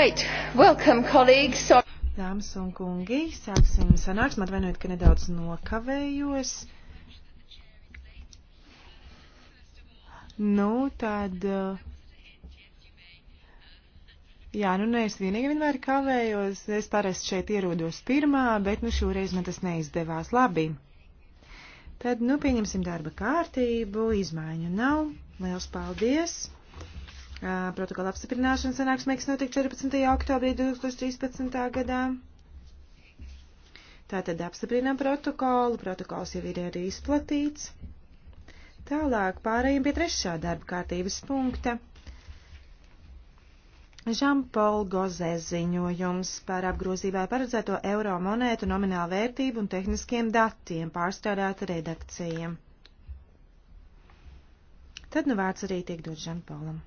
Right, welcome colleagues. So... Dāmas un kungi, sāksim sanāksmu. Atvainojiet, ka nedaudz nokavējos. Nu, tad. Eh, jā, nu ne es vienīgi vienmēr kavējos. Es parasti šeit ierodos pirmā, bet nu šoreiz man tas neizdevās labi. Tad, nu, pieņemsim darba kārtību. Izmaiņu nav. Liels paldies! Protokola apstiprināšana sanāksmē, kas notika 14. oktobrī 2013. gadā. Tātad apstiprinām protokolu, protokols jau ir arī izplatīts. Tālāk pārējiem pie trešā darba kārtības punkta. Žampola Gozē ziņojums par apgrozībā paredzēto eiro monētu nominālu vērtību un tehniskiem datiem pārstrādāta redakcija. Tad nu vārds arī tiek dots Žampolam.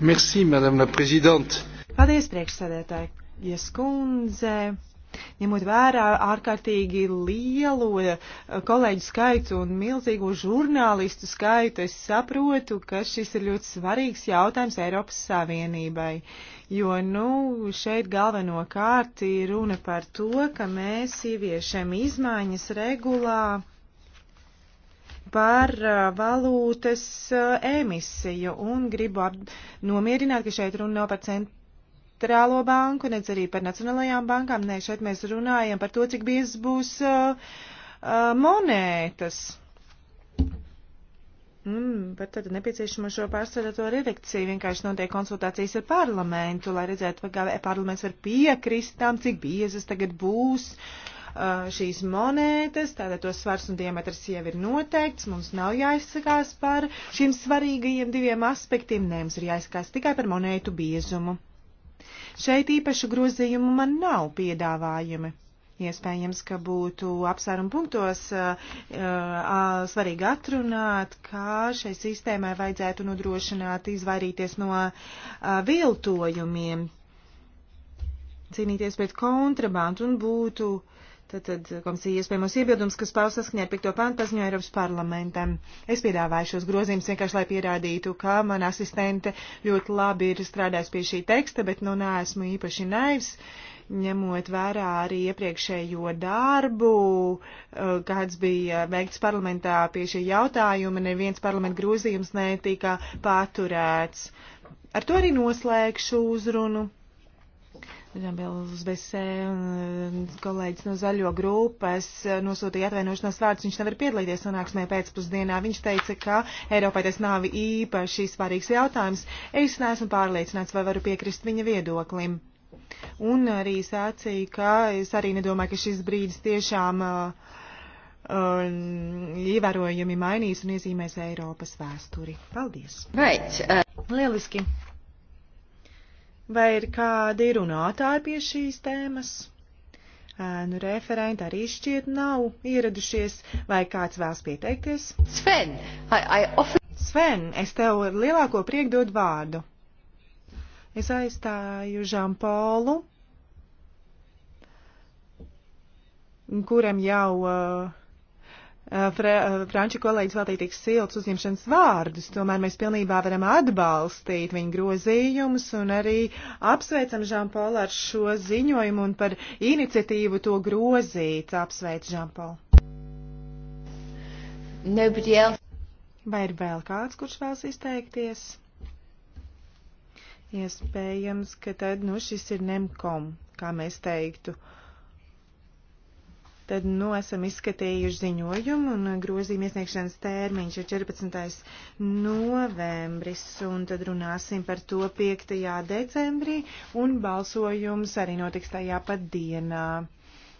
Merci, Madame la Présidente. Paldies, priekšsēdētāji, Ieskundze. Ja ņemot vērā ārkārtīgi lielo eh, kolēģu skaitu un milzīgo žurnālistu skaitu, es saprotu, ka šis ir ļoti svarīgs jautājums Eiropas Savienībai. Jo, nu, šeit galvenokārt ir runa par to, ka mēs ieviešam izmaiņas regulā par uh, valūtas uh, emisiju un gribu nomierināt, ka šeit runa nav par centrālo banku, nedz arī par nacionālajām bankām. Nē, šeit mēs runājam par to, cik biezas būs uh, uh, monētas. Mm, bet tad nepieciešamo šo pārstrādāto redakciju vienkārši notiek konsultācijas ar parlamentu, lai redzētu, vai parlaments var piekrist tam, cik biezas tagad būs uh, šīs monētas, tātad to svars un diametrs jau ir noteikts, mums nav jāizsakās par šiem svarīgajiem diviem aspektiem, nē, mums ir jāizsakās tikai par monētu biezumu. Šeit īpašu grozījumu man nav piedāvājumi. Iespējams, ka būtu apsvērumu punktos uh, uh, svarīgi atrunāt, kā šai sistēmai vajadzētu nodrošināt izvairīties no uh, viltojumiem, cīnīties pret kontrabandu un būtu uh, Tātad komisija iespējamos iebildumus, kas paus saskaņā ar 5. pantu paziņo Eiropas parlamentam. Es piedāvāju šos grozījumus vienkārši, lai pierādītu, ka mana asistente ļoti labi ir strādājusi pie šī teksta, bet nu neesmu īpaši naivs, ņemot vērā arī iepriekšējo darbu, eh, kāds bija veikts parlamentā pie šī jautājuma, neviens parlamenta grozījums netika paturēts. Ar to arī noslēgšu uzrunu. Žambēlis Besē un eh, kolēģis no zaļo grupas eh, nosūtīja atvainošanās vārdus. Viņš nevar piedalīties sanāksmē pēcpusdienā. Viņš teica, ka Eiropai tas nav īpaši svarīgs jautājums. Es neesmu pārliecināts, vai varu piekrist viņa viedoklim. Un arī sācīja, ka es arī nedomāju, ka šis brīdis tiešām uh, uh, ievērojami mainīs un iezīmēs Eiropas vēsturi. Paldies! Right. Uh... Lieliski! Vai ir kādi runātāji pie šīs tēmas? Ēnu referenti arī šķiet nav ieradušies, vai kāds vēlas pieteikties? Sven, I, I offer... Sven, es tev ar lielāko prieku dodu vārdu. Es aizstāju Žampolu, kuram jau uh, Eh, fra, eh, franču kolēģis veltīja tik silts uzņemšanas vārdus, tomēr mēs pilnībā varam atbalstīt viņa grozījumus un arī apsveicam Žampolu ar šo ziņojumu un par iniciatīvu to grozīt. Apsveic Žampolu. Vai ir vēl kāds, kurš vēlas izteikties? Iespējams, ka tad, nu, šis ir nemkom, kā mēs teiktu. Uh, Tad, nu, esam izskatījuši ziņojumu un grozījuma iesniegšanas termiņš ir 14. novembris, un tad runāsim par to 5. decembrī, un balsojums arī notiks tajā pat dienā.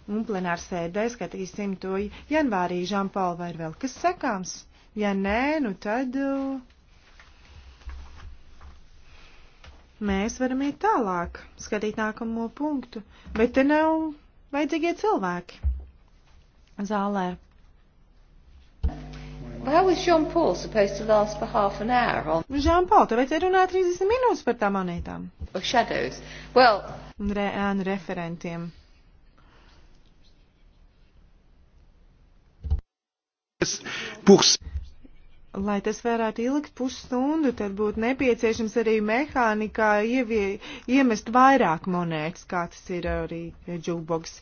Un plenārs sēdē skatīsim to janvārī, Žampal, vai ir vēl kas sakāms? Ja nē, nu tad. Uh, mēs varam iet tālāk, skatīt nākamo punktu, bet te nav vajadzīgie cilvēki zālē. Žanpaul, tev vajadzēja runāt 30 minūtes par tām monētām. Well, Re, un referentiem. Purs. Lai tas varētu ilgt pusstundu, tad būtu nepieciešams arī mehānikā ievie, iemest vairāk monētas, kā tas ir arī džūboks.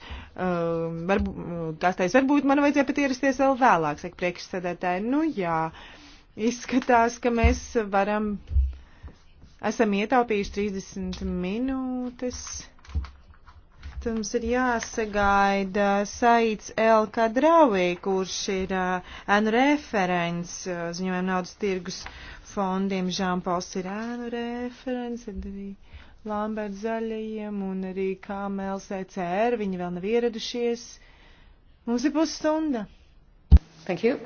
Um, varbūt, tās taisa, varbūt man vajadzēja pat ierasties vēl vēlāk, saka priekšsēdētāji. Nu jā, izskatās, ka mēs varam, esam ietaupījuši 30 minūtes. Mums ir jāsagaida Saīts El Kadravī, kurš ir ēnu uh, referents uh, ziņojumiem naudas tirgus fondiem. Žāmpauls ir ēnu referents, ir divi Lamberts zaļajiem un arī Kāmēls ECR. Viņi vēl nav ieradušies. Mums ir pusstunda. Thank you.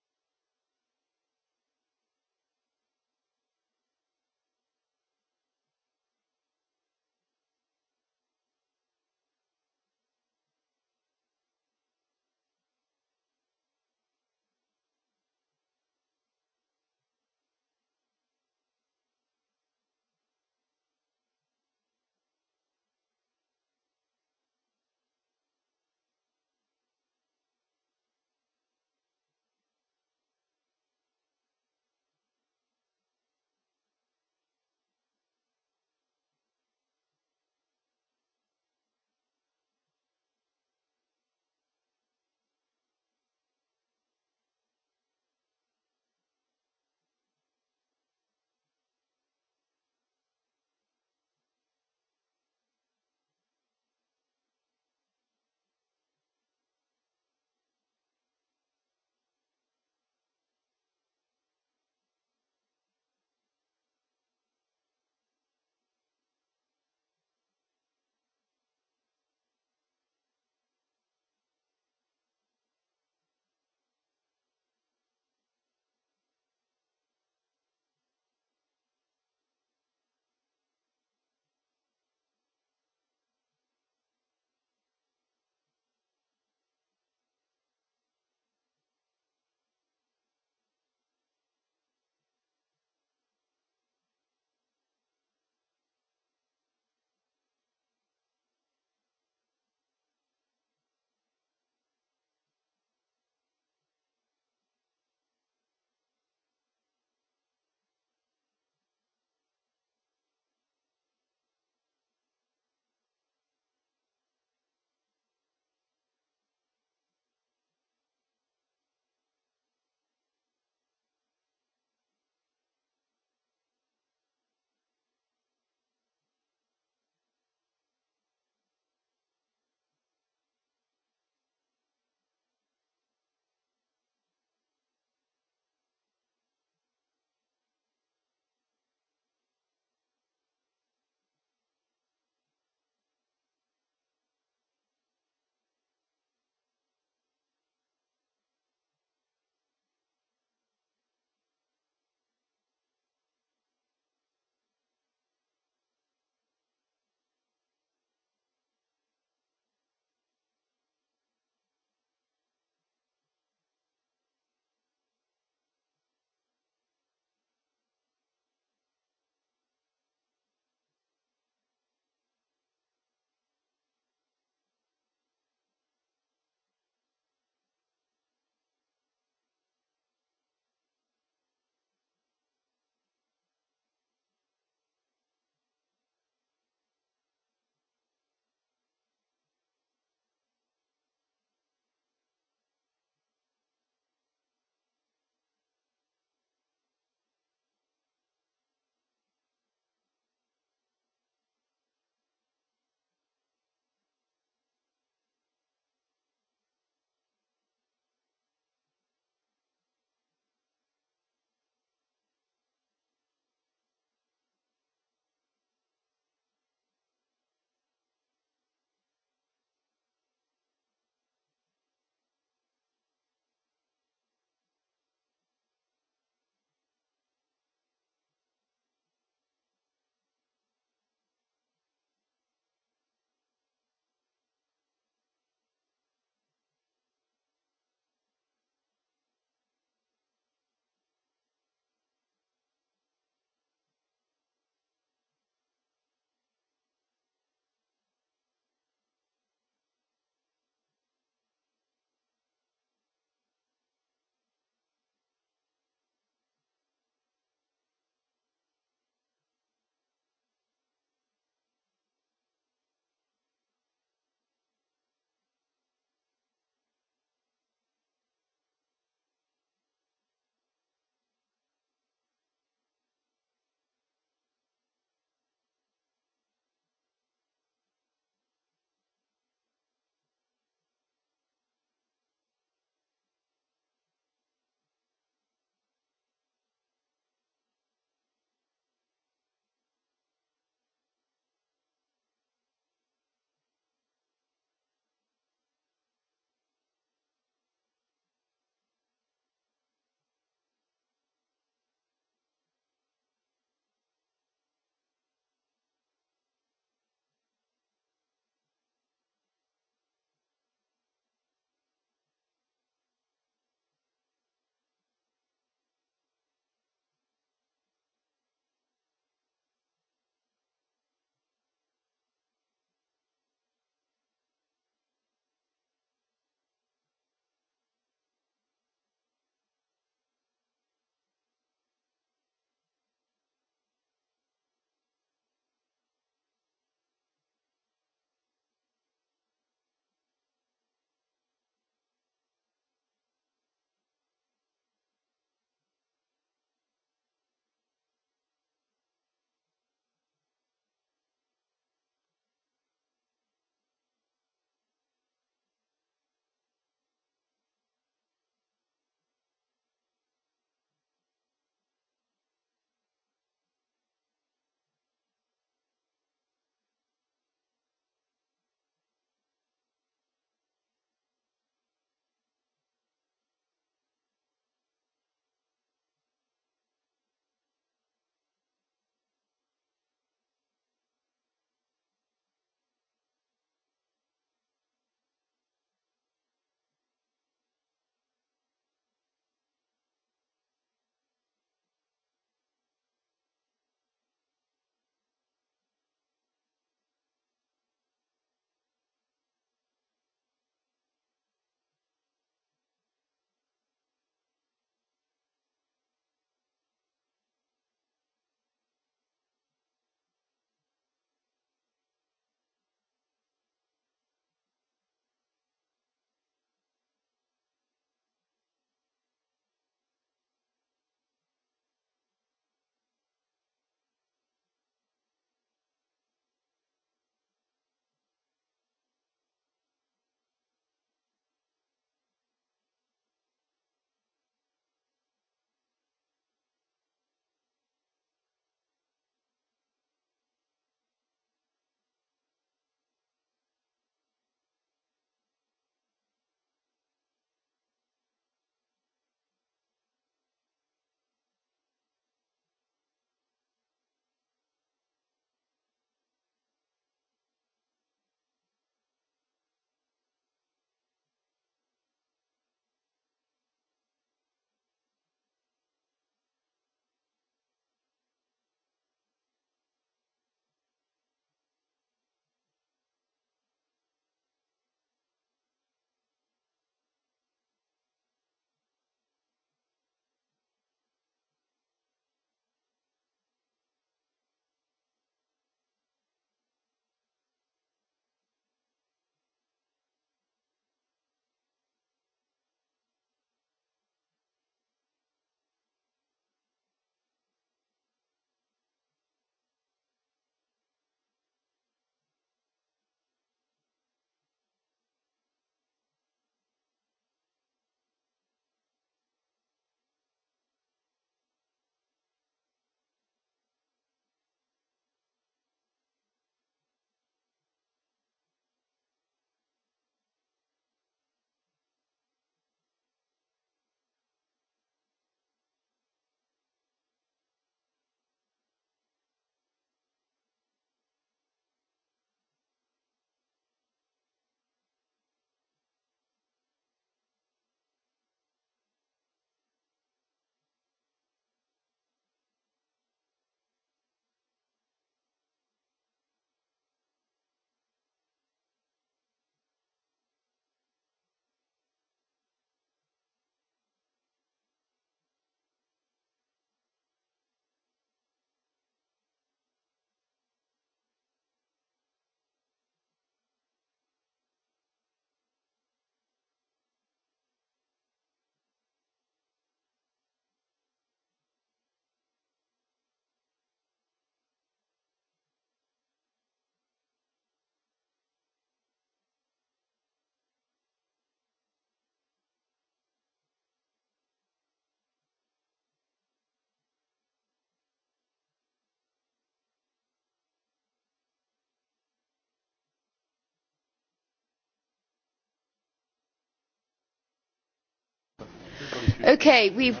Okay, we've...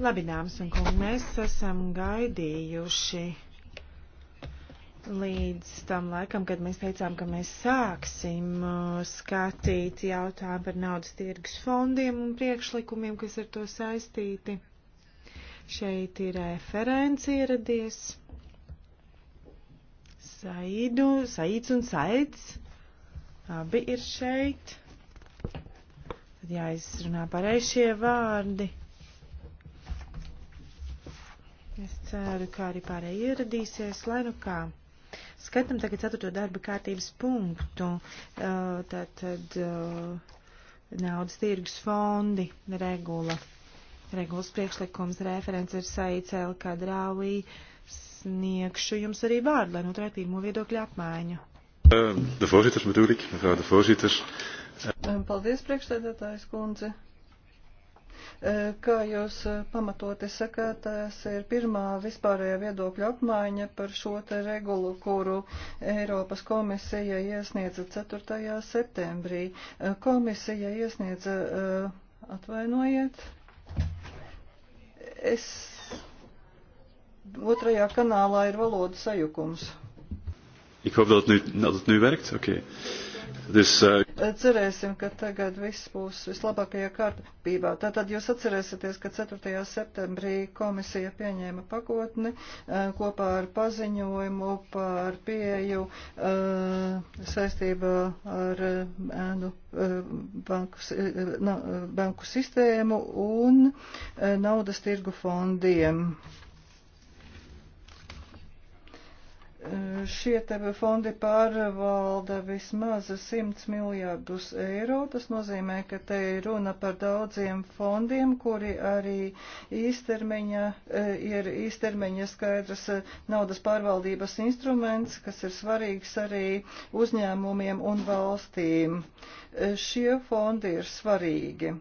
Labi, dāmas un kungi, mēs esam gaidījuši līdz tam laikam, kad mēs teicām, ka mēs sāksim uh, skatīt jautājumu par naudas tirgus fondiem un priekšlikumiem, kas ar to saistīti. Šeit ir referents ieradies. Saidu, Saids un Saids. Abi ir šeit. Tad jāizrunā pareizšie vārdi. Es ceru, kā arī pārējie ieradīsies, lai nu kā. Skatām tagad ceturto darba kārtības punktu. Tātad uh, uh, naudas tirgus fondi regula. Regulas priekšlikums referents ir saicēl, kad rāvī sniegšu jums arī vārdu, lai noturētu pirmo viedokļu apmaiņu. Uh, de voorzitters bedoel ik, mevrouw de voorzitters. Paldies, priekšsēdētājs kundze. Kā jūs pamatoti sakāt, tas ir pirmā vispārējā viedokļa apmaiņa par šo te regulu, kuru Eiropas komisija iesniedza 4. septembrī. Komisija iesniedza, atvainojiet, es otrajā kanālā ir valodas sajukums. Ik hoop dat het nu, dat het nu werkt. Oké. Okay. This, uh... Cerēsim, ka tagad viss būs vislabākajā kārtībā. Tātad jūs atcerēsieties, ka 4. septembrī komisija pieņēma pakotni uh, kopā ar paziņojumu par pieju uh, saistībā ar bērnu uh, uh, banku, uh, uh, banku sistēmu un uh, naudas tirgu fondiem. Šie fondi pārvalda vismaz 100 miljārdus eiro. Tas nozīmē, ka te ir runa par daudziem fondiem, kuri arī īstermiņa, e, ir īstermiņa skaidrs e, naudas pārvaldības instruments, kas ir svarīgs arī uzņēmumiem un valstīm. E, šie fondi ir svarīgi.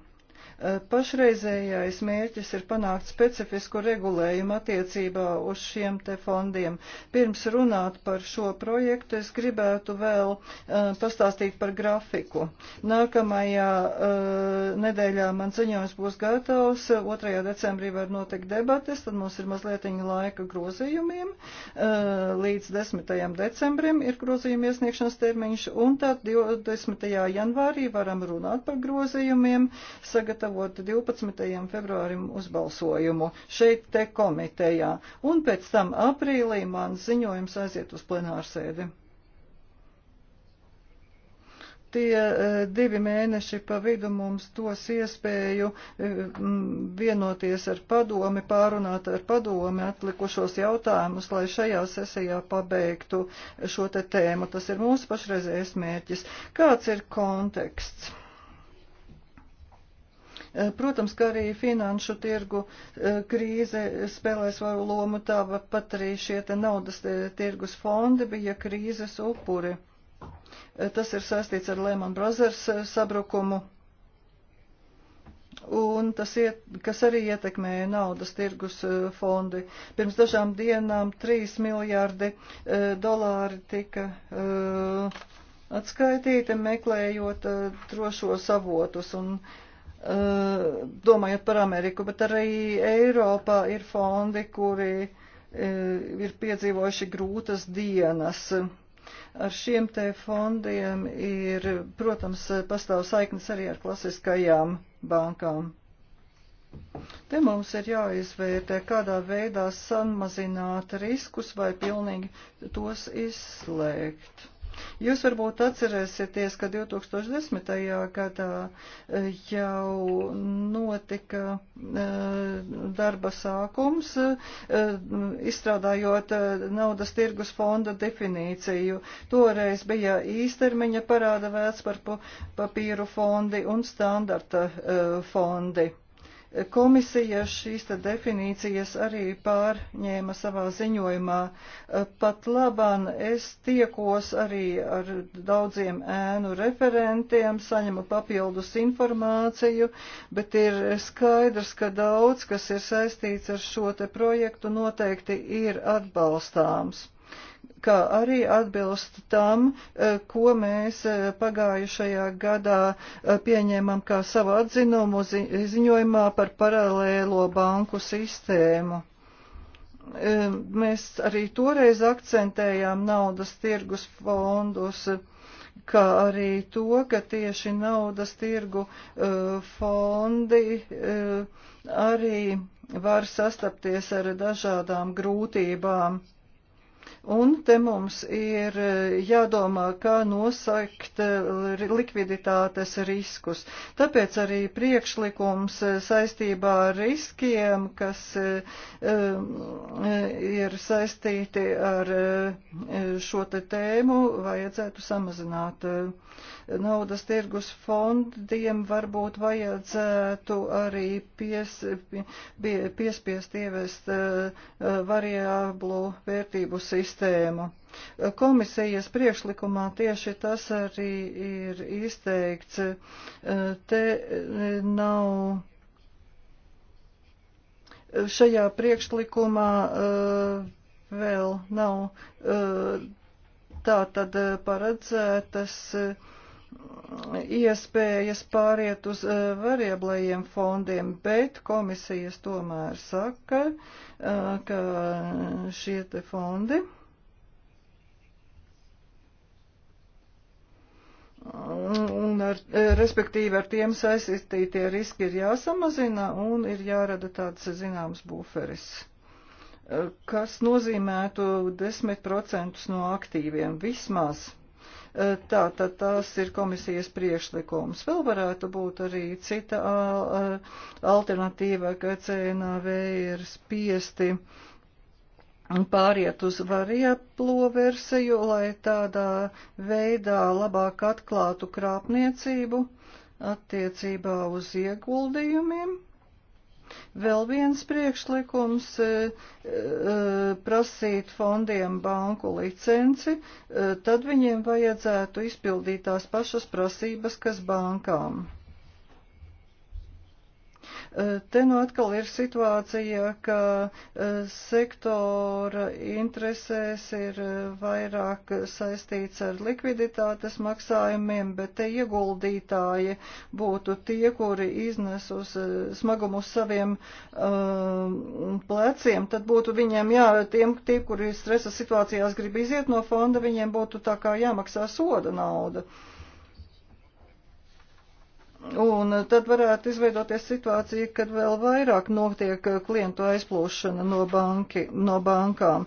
Pašreizējais mērķis ir panākt specifisku regulējumu attiecībā uz šiem te fondiem. Pirms runāt par šo projektu, es gribētu vēl eh, pastāstīt par grafiku. Nākamajā eh, nedēļā man ziņojums būs gatavs, 2. decembrī var notikt debates, tad mums ir mazliet laika grozījumiem. Eh, līdz 10. decembrim ir grozījuma iesniegšanas termiņš, un tad 20. janvārī varam runāt par grozījumiem. Sagat sagatavot 12. februārim uzbalsojumu šeit te komitejā, un pēc tam aprīlī mans ziņojums aiziet uz plenārsēdi. Tie e, divi mēneši pa vidu mums dos iespēju e, vienoties ar padomi, pārunāt ar padomi atlikušos jautājumus, lai šajā sesijā pabeigtu šo te tēmu. Tas ir mūsu pašreizējais mērķis. Kāds ir konteksts? Eh, protams, ka arī finanšu tirgu eh, krīze spēlē savu lomu, tāpat arī šie te naudas eh, tirgus fondi bija krīzes upuri. Tas ir saistīts ar Lehman Brothers sabrukumu. Un tas, iet, kas arī ietekmēja naudas tirgus fondi. Pirms dažām dienām 3 miljārdi dolāri tika atskaitīti, meklējot drošos avotus. Un Eh, domājot par Ameriku, bet arī Eiropā ir fondi, kuri eh, ir piedzīvojuši grūtas dienas. Ar šiem te fondiem ir, protams, pastāv saiknes arī ar klasiskajām bankām. Te mums ir jāizvērtē, kādā veidā samazināt riskus vai pilnīgi tos izslēgt. Jūs varbūt atcerēsieties, ka 2010. gadā e, jau notika e, darba sākums, e, izstrādājot naudas tirgus fonda definīciju. Toreiz bija īstermiņa parāda vērts par papīru fondi un standarta fondi. Komisija šīs definīcijas arī pārņēma savā ziņojumā. Pat labāk es tiekos arī ar daudziem ēnu referentiem, saņemu papildus informāciju, bet ir skaidrs, ka daudz, kas ir saistīts ar šo te projektu, noteikti ir atbalstāms kā arī atbilst tam, e, ko mēs e, pagājušajā gadā e, pieņēmām kā savu atzinumu ziņojumā par paralēlo banku sistēmu mēs arī toreiz akcentējām naudas tirgus fondus, kā arī to, ka tieši naudas tirgu fondi arī var sastapties ar dažādām grūtībām Un te mums ir eh, jādomā, kā nosakt eh, likviditātes riskus. Tāpēc arī priekšlikums eh, saistībā ar riskiem, kas ir saistīti ar šo te tēmu, vajadzētu samazināt naudas tirgus fondiem varbūt vajadzētu arī pies, piespiest ievest eh, variablu vērtību sistēmu. Komisijas priekšlikumā tieši tas arī ir izteikts. Eh, te eh, nav šajā priekšlikumā vēl nav tā tad paredzētas. Uh, iespējas pāriet uz eh, varieblajiem fondiem, bet komisijas tomēr saka, eh, ka šie te fondi un ar, eh, respektīvi ar tiem saistītie riski ir jāsamazina un ir jārada tāds zināms buferis kas nozīmētu 10% no aktīviem vismaz. E, tā tad tās ir komisijas priekšlikums. Vēl varētu būt arī cita alternatīva, ka CNAV ir spiesti pāriet uz variablo versiju, lai tādā veidā labāk atklātu krāpniecību attiecībā uz ieguldījumiem Vēl viens priekšlikums e, e, prasīt fondiem banku licenci, e, tad viņiem vajadzētu izpildīt tās pašas prasības, kas bankām. Eh, te no nu atkal ir situācija, ka eh, sektora interesēs ir eh, vairāk saistīts ar likviditātes maksājumiem, bet te ieguldītāji būtu tie, kuri iznes uz smagumu uz saviem um, pleciem, tad būtu viņiem, jā, tiem, tie, kuri stresa situācijās grib iziet no fonda, viņiem būtu tā kā jāmaksā soda nauda. Uh, Un tad varētu izveidoties situācija, kad vēl vairāk notiek klientu aizplūšana no, banki, no bankām.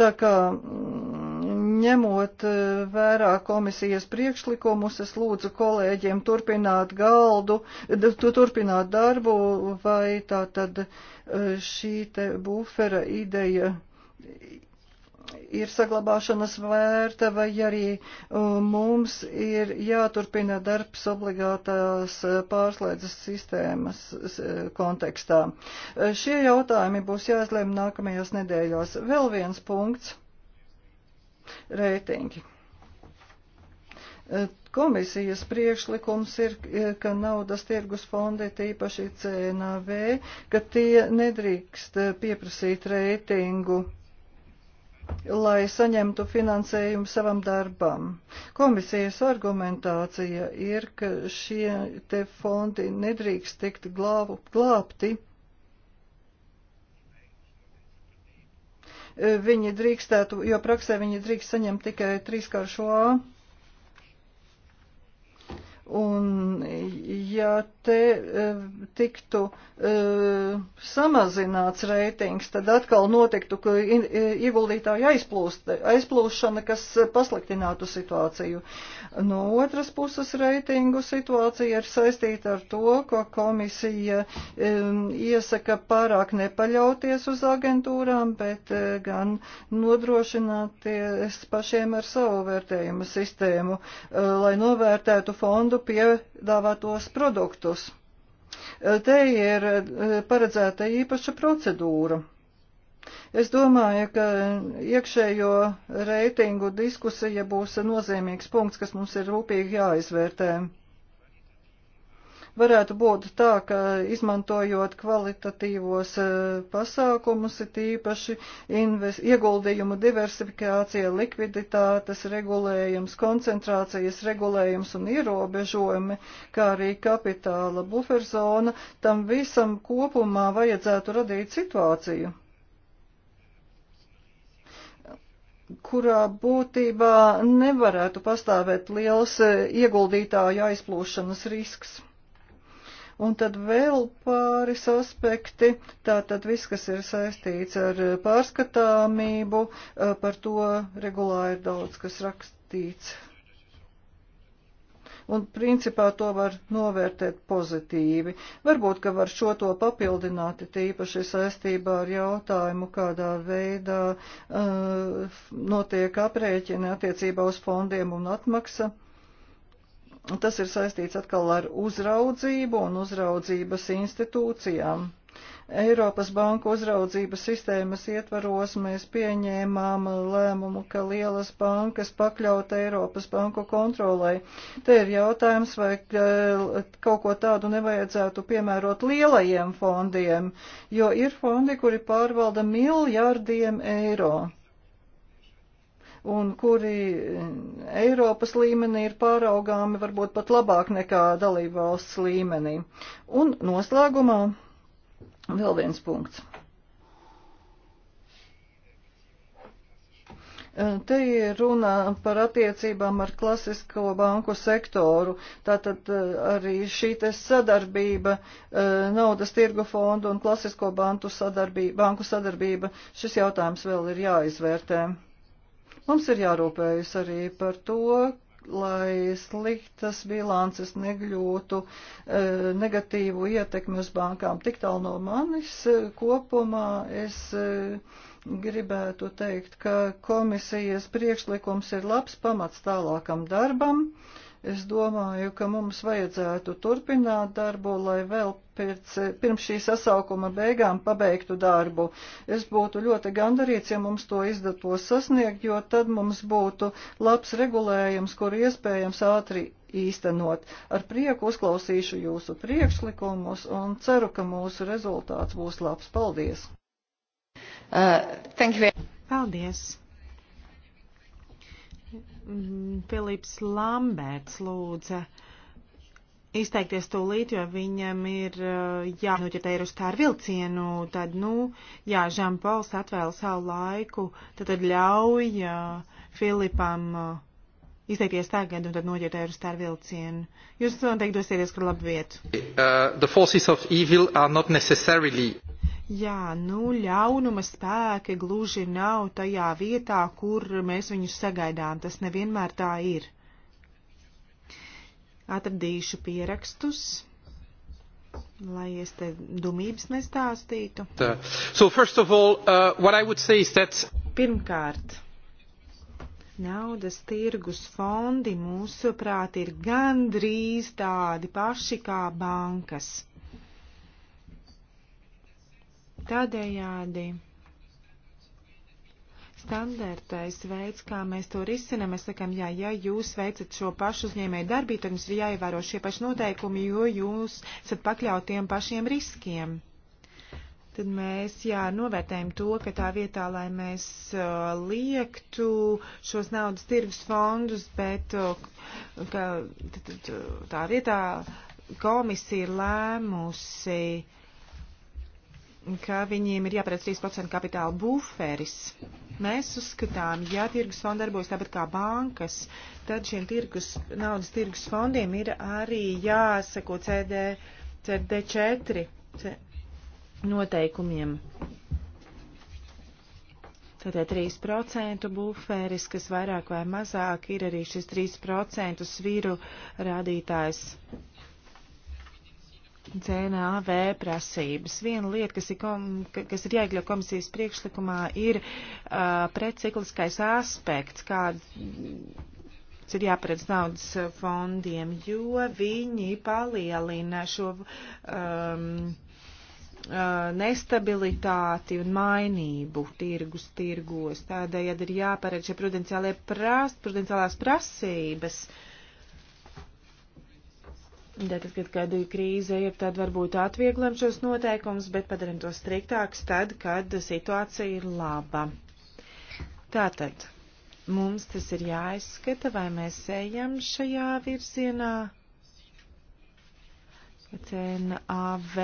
Tā kā mm, ņemot eh, vērā komisijas priekšlikumus, es lūdzu kolēģiem turpināt galdu, turpināt darbu, vai tā tad eh, šī te bufera ideja ir saglabāšanas vērta, vai arī uh, mums ir jāturpina darbs obligātās uh, pārslēdzes sistēmas uh, kontekstā. Šie jautājumi būs jāizlēm nākamajās nedēļās. Vēl viens punkts - reitingi. Komisijas priekšlikums ir, ka naudas tirgus fondi, tīpaši CNV, ka tie nedrīkst pieprasīt reitingu lai saņemtu finansējumu savam darbam. Komisijas argumentācija ir, ka šie te fondi nedrīkst tikt glābu, glābti. Viņi drīkstētu, jo praksē viņi drīkst saņemt tikai trīskāršo A Un ja te eh, tiktu eh, samazināts reitings, tad atkal notiktu ieguldītāju aizplūšana, kas pasliktinātu situāciju. No otras puses reitingu situācija ir saistīta ar to, ka komisija iesaka pārāk nepaļauties uz agentūrām, bet eh, gan nodrošināties pašiem ar savu vērtējumu sistēmu, lai novērtētu fondu fondu piedāvātos produktus. E, te ir e, paredzēta īpaša procedūra. Es domāju, ka iekšējo reitingu diskusija būs nozīmīgs punkts, kas mums ir rūpīgi jāizvērtē. Varētu būt tā, ka izmantojot kvalitatīvos e, pasākumus, it īpaši invest, ieguldījumu diversifikācija, likviditātes regulējums, koncentrācijas regulējums un ierobežojumi, kā arī kapitāla buferzona, tam visam kopumā vajadzētu radīt situāciju, kurā būtībā nevarētu pastāvēt liels e, ieguldītāju aizplūšanas risks. Un tad vēl pāris aspekti, tātad viss, kas ir saistīts ar eh, pārskatāmību, eh, par to regulā ir daudz kas rakstīts. Un principā to var novērtēt pozitīvi. Varbūt, ka var šo to papildināt, tīpaši saistībā ar jautājumu, kādā veidā uh, notiek aprēķina attiecībā uz fondiem un atmaksa. Uh, Tas ir saistīts atkal ar uzraudzību un uzraudzības institūcijām. Eiropas Banku uzraudzības sistēmas ietvaros mēs pieņēmām lēmumu, ka lielas bankas pakļaut Eiropas Banku kontrolai. Te ir jautājums, vai eh, kaut ko tādu nevajadzētu piemērot lielajiem fondiem, jo ir fondi, kuri pārvalda miljārdiem eiro un kuri eh, Eiropas līmenī ir pāraugāmi varbūt pat labāk nekā dalībvalsts līmenī. Un noslēgumā vēl viens punkts. Eh, te ir runa par attiecībām ar klasisko banku sektoru. Tātad eh, arī šī sadarbība, naudas tirgu fondu un klasisko banku sadarbība, banku sadarbība, šis jautājums vēl ir jāizvērtē. Mums ir jārūpējas arī par to, lai sliktas bilances negļūtu e, negatīvu ietekmi uz bankām. Tik tālu no manis e, kopumā es e, gribētu teikt, ka komisijas priekšlikums ir labs pamats tālākam darbam. E, Es domāju, ka mums vajadzētu turpināt darbu, lai vēl pēc, pirms šī sasaukuma beigām pabeigtu darbu. Es būtu ļoti gandarīts, ja mums to izdotos sasniegt, jo tad mums būtu labs regulējums, kur iespējams ātri īstenot. Ar prieku uzklausīšu jūsu priekšlikumus un ceru, ka mūsu rezultāts būs labs. Paldies! Uh, Paldies! Mm, Filips Lamberts lūdza izteikties tūlīt, jo viņam ir, jā, nu, ja te ir uz kā ar vilcienu, tad, nu, jā, Žanpols atvēla savu laiku, tad, tad ļauj uh, Filipam uh, izteikties tagad, un tad noķert eiro stāru vilcienu. Jūs noteikti uh, dosieties, kur labu vietu. Uh, Jā, nu ļaunuma spēki gluži nav tajā vietā, kur mēs viņus sagaidām. Tas nevienmēr tā ir. Atradīšu pierakstus, lai es te dumības nestāstītu. So first of all, uh, what I would say is that... Pirmkārt, naudas tirgus fondi mūsuprāt ir gandrīz tādi paši kā bankas Tādējādi standartais veids, kā mēs to risinam. Mēs sakām, jā, ja jūs veicat šo pašu uzņēmēju darbību, tad jums ir jāievēro šie paši noteikumi, jo jūs esat pakļautiem pašiem riskiem. Tad mēs, jā, novērtējam to, ka tā vietā, lai mēs uh, liektu šos naudas tirgus fondus, bet uh, ka, tā vietā komisija ir lēmusi. Uh, ka viņiem ir jāparedz 3% kapitāla buferis. Mēs uzskatām, ja tirgus fondi darbojas tāpat kā bankas, tad šiem tirgus, naudas tirgus fondiem ir arī jāseko CD, CD4 noteikumiem. Tātad 3% buferis, kas vairāk vai mazāk ir arī šis 3% svīru rādītājs CNAV prasības. Viena lieta, kas ir, kom, kas ir jāiekļau komisijas priekšlikumā, ir uh, precikliskais aspekts, kāds ir jāparedz naudas fondiem, jo viņi palielina šo um, uh, nestabilitāti un mainību tirgus tirgos. Tādējādi ir jāparedz šie prudenciālās prasības. Uh, Tātad, kad kāda krīze ir, tad varbūt atvieglam šos noteikumus, bet padaram to striktāks tad, kad situācija ir laba. Tātad, mums tas ir jāizskata, vai mēs ejam šajā virzienā. NAV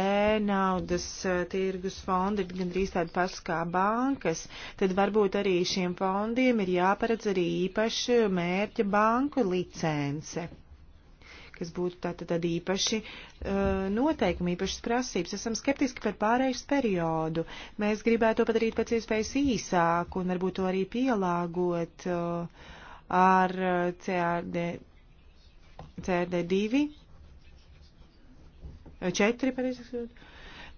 naudas eh, tirgus fondi ir gandrīz tādi paši kā bankas, tad varbūt arī šiem fondiem ir jāparedz arī īpaši mērķa banku licence kas būtu tātad tā, īpaši uh, noteikumi, īpašas prasības. Esam skeptiski par pārējais periodu. Mēs gribētu to padarīt pēc iespējas īsāku un varbūt to arī pielāgot uh, ar CRD, CRD2, 4, pareizāk.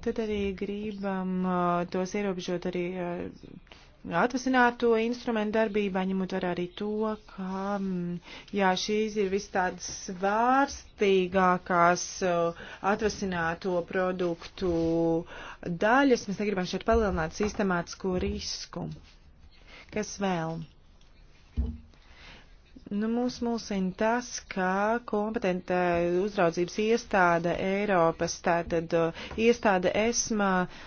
Tad arī gribam uh, tos ierobežot arī. Uh, atvasināto instrumentu darbībā, ņemot vērā arī to, ka mm, jā, šīs ir vis tādas svārstīgākās uh, atvasināto produktu daļas. Mēs negribam šeit palielināt sistemātisko risku. Kas vēl? Nu, mūs mulsina tas, ka kompetenta uzraudzības iestāde Eiropas, tātad uh, iestāde ESMA uh,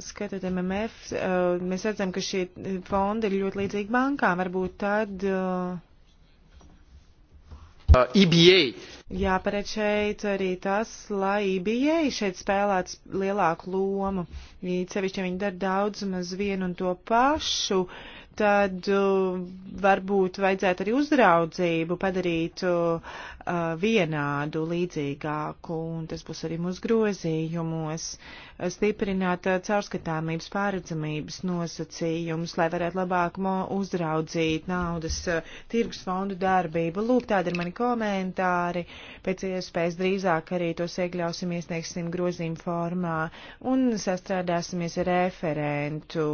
skatot MMF, eh, mēs redzam, ka šie fondi ir ļoti līdzīgi bankām. Varbūt tad. Eh, uh, EBA. Jāparedz šeit arī tas, lai EBA šeit spēlētu lielāku lomu. Īcevišķi viņi dara daudz maz vienu un to pašu. Uh, tad uh, varbūt vajadzētu arī uzraudzību padarīt uh, vienādu, līdzīgāku, un tas būs arī mūsu grozījumos, stiprināt uh, caurskatāmības pārredzamības nosacījumus, lai varētu labāk uzraudzīt naudas uh, tirgus fondu darbību. Lūk, tādi ir mani komentāri, pēc iespējas drīzāk arī tos iekļausim, iesniegsim grozījumu formā un sastrādāsimies ar referentu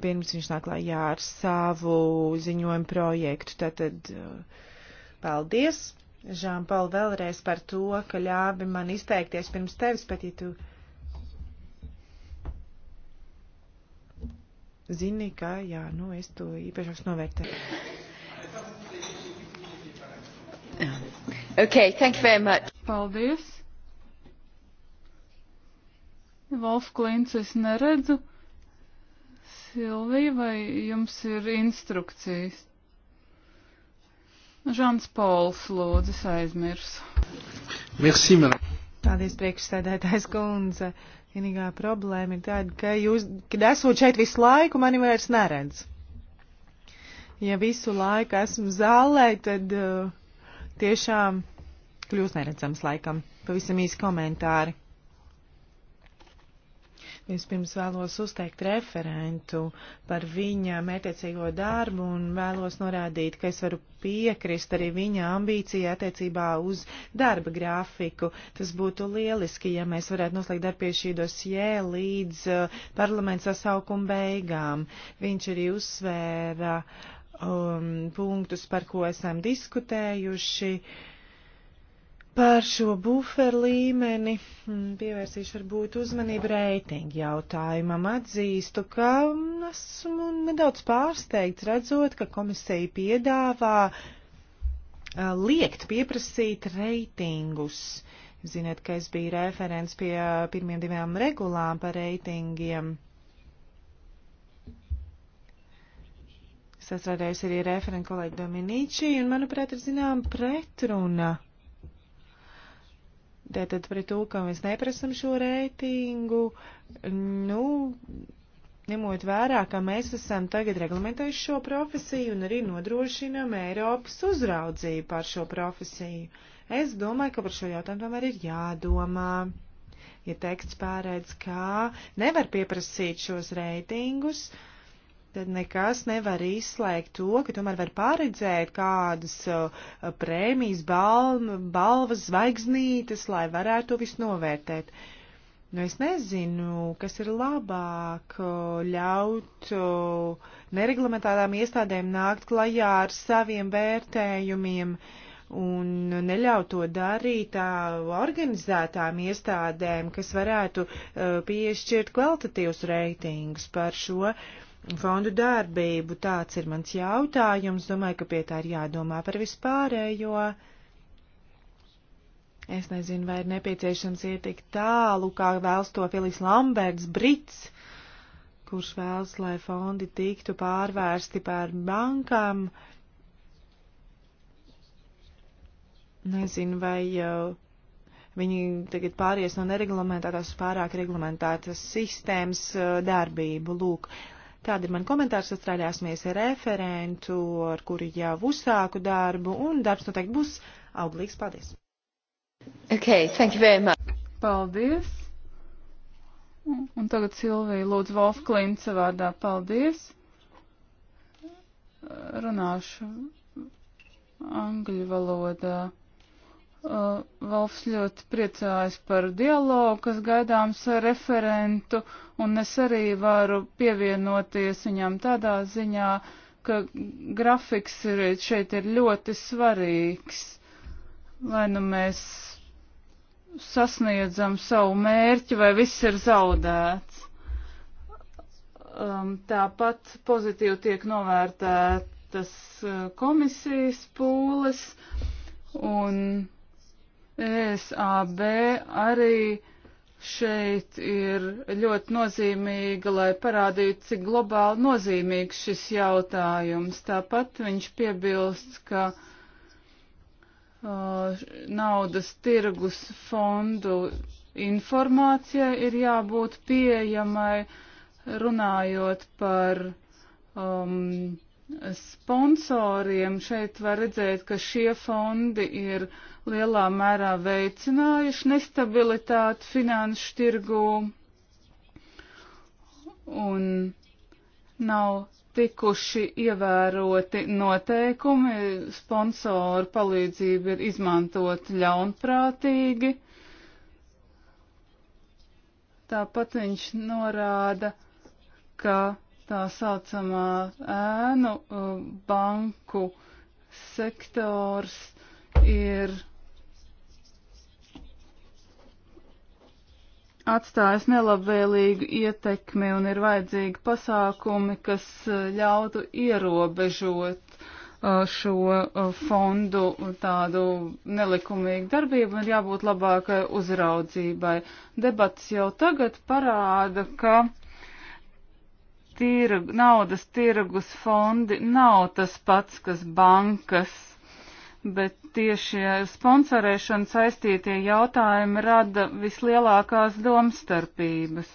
pirms viņš nāk klājā ar savu ziņojumu projektu. Tātad uh, paldies, Žāmpal, vēlreiz par to, ka ļāvi man izteikties pirms tevis, bet ja tu zini, ka jā, nu es to īpašāks novērtēju. Okay, thank you very much. Paldies. Wolf Klints es neredzu. Silvija, vai jums ir instrukcijas? Žants Pols, lūdzu, aizmirs. Merci, madame. Paldies, priekšsēdētājs kundze. Vienīgā problēma ir tāda, ka jūs, kad esot šeit visu laiku, mani vairs neredz. Ja visu laiku esmu zālē, tad uh, tiešām kļūst neredzams laikam. Pavisam īsi komentāri. Vispirms vēlos uzteikt referentu par viņa mētiecīgo darbu un vēlos norādīt, ka es varu piekrist arī viņa ambīcija attiecībā uz darba grafiku. Tas būtu lieliski, ja mēs varētu noslēgt darbu pie šī dosjē līdz uh, parlamenta sasaukuma beigām. Viņš arī uzsvēra um, punktus, par ko esam diskutējuši. Uh, Par šo buferu līmeni mm, pievērsīšu varbūt uzmanību reitingu jautājumam. Atzīstu, ka esmu nedaudz pārsteigts redzot, ka komisija piedāvā eh, liekt pieprasīt reitingus. Ziniet, ka es biju referents pie eh, pirmiem divām regulām par reitingiem. Sastrādājos arī referenta kolēģi Dominīči, un manuprāt, ir zinām pretruna. Uh, Tātad par to, ka mēs neprasam šo reitingu, nu, ņemot vērā, ka mēs esam tagad reglamentējuši šo profesiju un arī nodrošinam Eiropas uzraudzību par šo profesiju. Es domāju, ka par šo jautājumu tomēr ir jādomā. Ja teksts pārēdz, kā nevar pieprasīt šos reitingus, uh, tad nekas nevar izslēgt to, ka tomēr var paredzēt kādas uh, prēmijas, balma, balvas, zvaigznītes, lai varētu to visu novērtēt. Nu, es nezinu, kas ir labāk uh, ļaut uh, nereglamentārām iestādēm nākt klajā ar saviem vērtējumiem un neļaut to darīt organizētām iestādēm, kas varētu piešķirt kvalitatīvus reitingus par šo uh, fondu darbību. Tāds ir mans jautājums. Domāju, ka pie tā ir jādomā par vispārējo. Es nezinu, vai ir nepieciešams iet tik tālu, kā vēlas to Filips Lamberts, Brits, kurš vēlas, lai fondi tiktu pārvērsti par bankām. Nezinu, vai jau uh, viņi tagad pāries no nereglamentētās uz pārāk reglamentētas sistēmas uh, darbību. Lūk, uh, Tāda ir man komentārs, sastrādāsimies ar referentu, ar kuru jau uzsāku darbu, un darbs noteikti būs auglīgs. Paldies! Okay, thank you very much. Paldies! Un tagad Silvija lūdzu Wolf Klinca vārdā. Paldies! Runāšu angļu valodā. Uh, Valfs ļoti priecājas par dialogu, kas gaidāms ar referentu, un es arī varu pievienoties viņam tādā ziņā, ka grafiks ir, šeit ir ļoti svarīgs, lai nu mēs sasniedzam savu mērķi, vai viss ir zaudēts. Um, tāpat pozitīvi tiek novērtētas uh, komisijas pūles un ESAB arī šeit ir ļoti nozīmīga, lai parādītu, cik globāli nozīmīgs šis jautājums. Tāpat viņš piebilst, ka uh, naudas tirgus fondu informācija ir jābūt pieejamai, runājot par um, sponsoriem šeit var redzēt, ka šie fondi ir lielā mērā veicinājuši nestabilitāti finanšu tirgū un nav tikuši ievēroti noteikumi, sponsoru palīdzība ir izmantot ļaunprātīgi. Tāpat viņš norāda, ka tā saucamā ēnu uh, banku sektors ir atstājas nelabvēlīgu ietekmi un ir vajadzīgi pasākumi, kas uh, ļautu ierobežot uh, šo fondu tādu nelikumīgu darbību un jābūt labākai uzraudzībai. Debats jau tagad parāda, ka tirg, naudas tirgus fondi nav tas pats, kas bankas, bet tieši sponsorēšana saistītie jautājumi rada vislielākās domstarpības.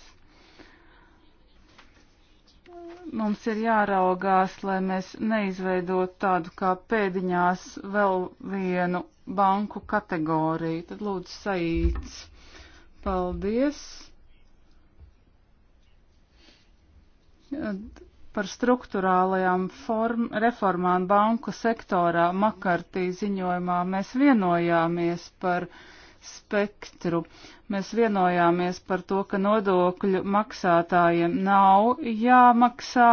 Mums ir jāraugās, lai mēs neizveidotu tādu kā pēdiņās vēl vienu banku kategoriju. Tad lūdzu saīts. Paldies! par struktūrālajām form, reformām banku sektorā Makartī ziņojumā mēs vienojāmies par spektru. Mēs vienojāmies par to, ka nodokļu maksātājiem nav jāmaksā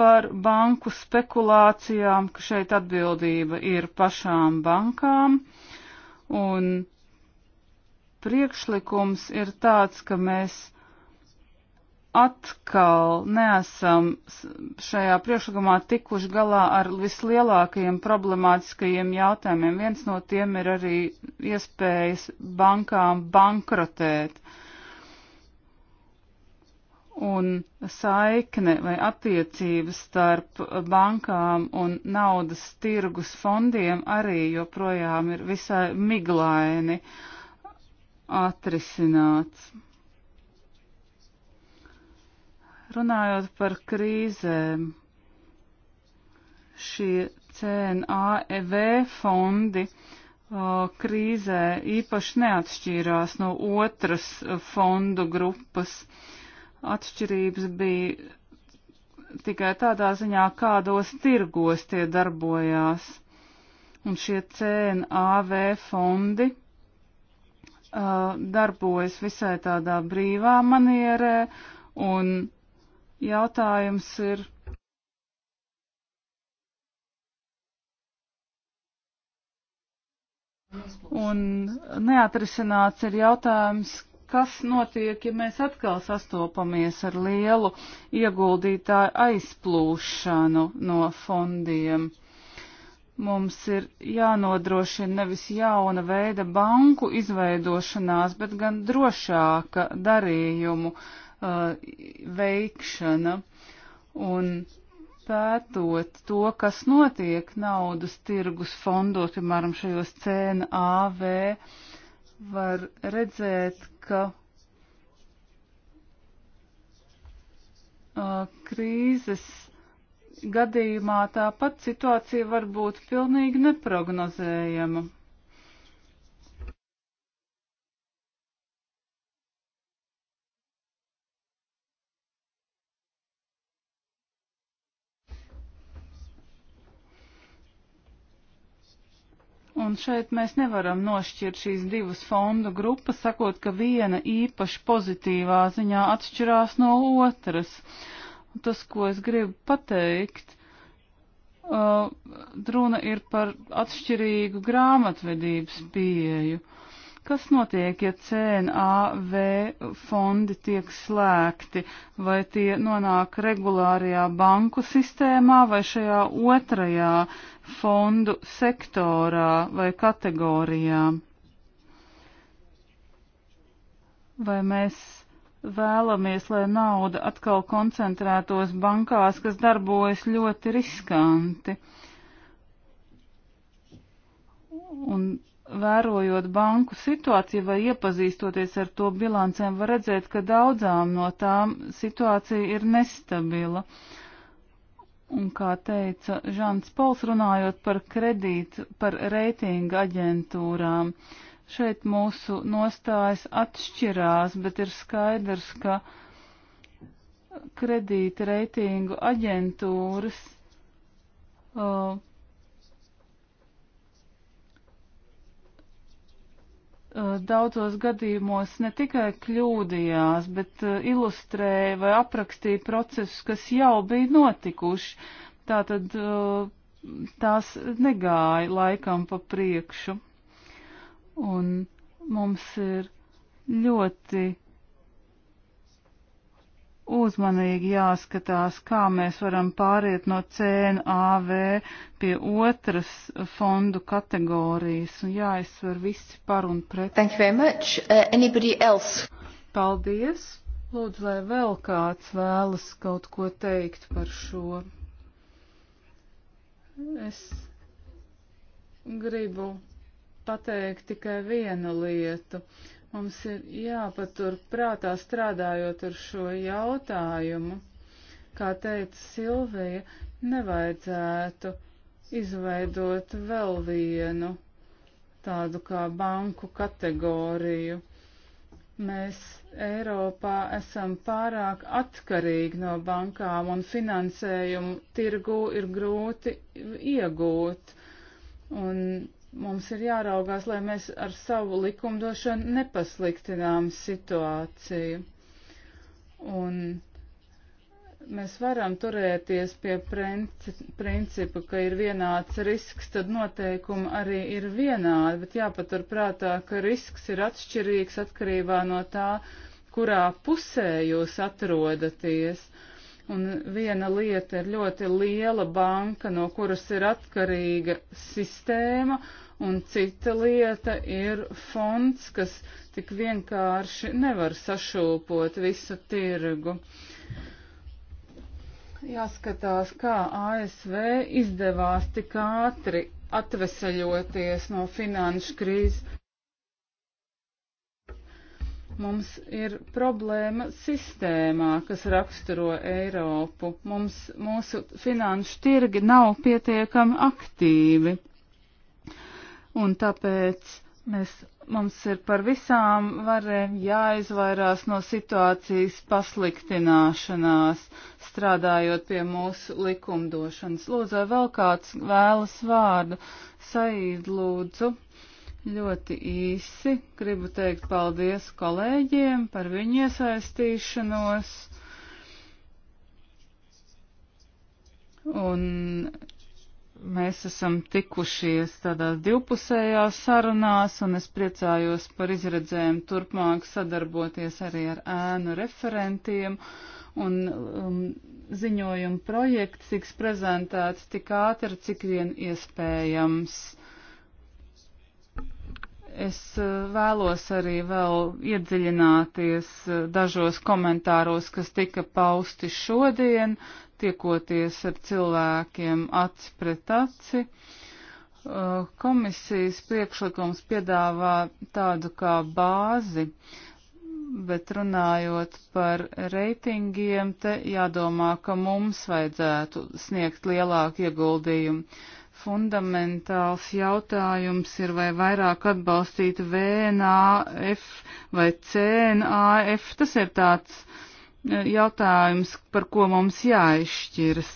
par banku spekulācijām, ka šeit atbildība ir pašām bankām. Un priekšlikums ir tāds, ka mēs atkal neesam šajā priekšlikumā tikuši galā ar vislielākajiem problemātiskajiem jautājumiem. Viens no tiem ir arī iespējas bankām bankrotēt. Un saikne vai attiecības starp bankām un naudas tirgus fondiem arī joprojām ir visai miglaini atrisināts. Runājot par krīzēm, šie CNAEV fondi uh, krīzē īpaši neatšķīrās no otras fondu grupas. Atšķirības bija tikai tādā ziņā, kādos tirgos tie darbojās. Un šie CNAV e fondi uh, darbojas visai tādā brīvā manierē un jautājums ir. Un neatrisināts ir jautājums, kas notiek, ja mēs atkal sastopamies ar lielu ieguldītāju aizplūšanu no fondiem. Mums ir jānodrošina nevis jauna veida banku izveidošanās, bet gan drošāka darījumu Uh, veikšana un pētot to, kas notiek naudas tirgus fondos, piemēram, šajos CNAV, var redzēt, ka uh, krīzes gadījumā tāpat situācija var būt pilnīgi neprognozējama. Un šeit mēs nevaram nošķirt šīs divas fondu grupas, sakot, ka viena īpaši pozitīvā ziņā atšķirās no otras. Tas, ko es gribu pateikt, uh, runa ir par atšķirīgu grāmatvedības pieeju. Uh, Kas notiek, ja CNAV fondi tiek slēgti? Vai tie nonāk regulārajā banku sistēmā vai šajā otrajā fondu sektorā vai kategorijā? Vai mēs vēlamies, lai nauda atkal koncentrētos bankās, kas darbojas ļoti riskanti? Un vērojot banku situāciju vai iepazīstoties ar to bilancēm, var redzēt, ka daudzām no tām situācija ir nestabila. Un kā teica Žants Pols, runājot par kredītu, par reitinga aģentūrām, šeit mūsu nostājas atšķirās, bet ir skaidrs, ka kredīta reitingu aģentūras uh, Eh, daudzos gadījumos ne tikai kļūdījās, bet eh, ilustrēja vai aprakstīja procesus, kas jau bija notikuši. Tātad eh, tās negāja laikam pa priekšu. Un mums ir ļoti uzmanīgi jāskatās, kā mēs varam pāriet no CNAV pie otras fondu kategorijas, un jāizsver visi par un pret. Thank you very much. Uh, anybody else? Paldies. Lūdzu, lai vēl kāds vēlas kaut ko teikt par šo. Es gribu pateikt tikai vienu lietu. Uh, Mums ir jāpatur prātā strādājot ar šo jautājumu. Kā teica Silvija, nevajadzētu izveidot vēl vienu tādu kā banku kategoriju. Mēs Eiropā esam pārāk atkarīgi no bankām un finansējumu tirgū ir grūti iegūt. Un Mums ir jāraugās, lai mēs ar savu likumdošanu nepasliktinām situāciju. Un mēs varam turēties pie principa, ka ir vienāds risks, tad noteikumi arī ir vienādi, bet jāpatur prātā, ka risks ir atšķirīgs atkarībā no tā, kurā pusē jūs atrodaties. Uh, Un viena lieta ir ļoti liela banka, no kuras ir atkarīga sistēma, un cita lieta ir fonds, kas tik vienkārši nevar sašūpot visu tirgu. Jāskatās, kā ASV izdevās tik ātri atveseļoties no finanšu krīzes. Mums ir problēma sistēmā, kas raksturo Eiropu. Mums, mūsu finanšu tirgi nav pietiekami aktīvi. Un tāpēc mēs, mums ir par visām varēm jāizvairās no situācijas pasliktināšanās, strādājot pie mūsu likumdošanas. Lūdzu, vai vēl kāds vēlas vārdu? Saīd, lūdzu. Ļoti īsi gribu teikt paldies kolēģiem par viņu iesaistīšanos. Un mēs esam tikušies tādās divpusējās sarunās, un es priecājos par izredzēm turpmāk sadarboties arī ar ēnu referentiem. Un um, ziņojuma projekts tiks prezentēts tik ātri, cik vien iespējams. Es eh, vēlos arī vēl iedziļināties eh, dažos komentāros, kas tika pausti šodien, tiekoties ar cilvēkiem aci pret aci. Eh, komisijas priekšlikums piedāvā tādu kā bāzi, bet runājot par reitingiem, te jādomā, ka mums vajadzētu sniegt lielāku ieguldījumu fundamentāls jautājums ir, vai vairāk atbalstīt VNAF vai CNAF. Tas ir tāds e, jautājums, par ko mums jāizšķiras.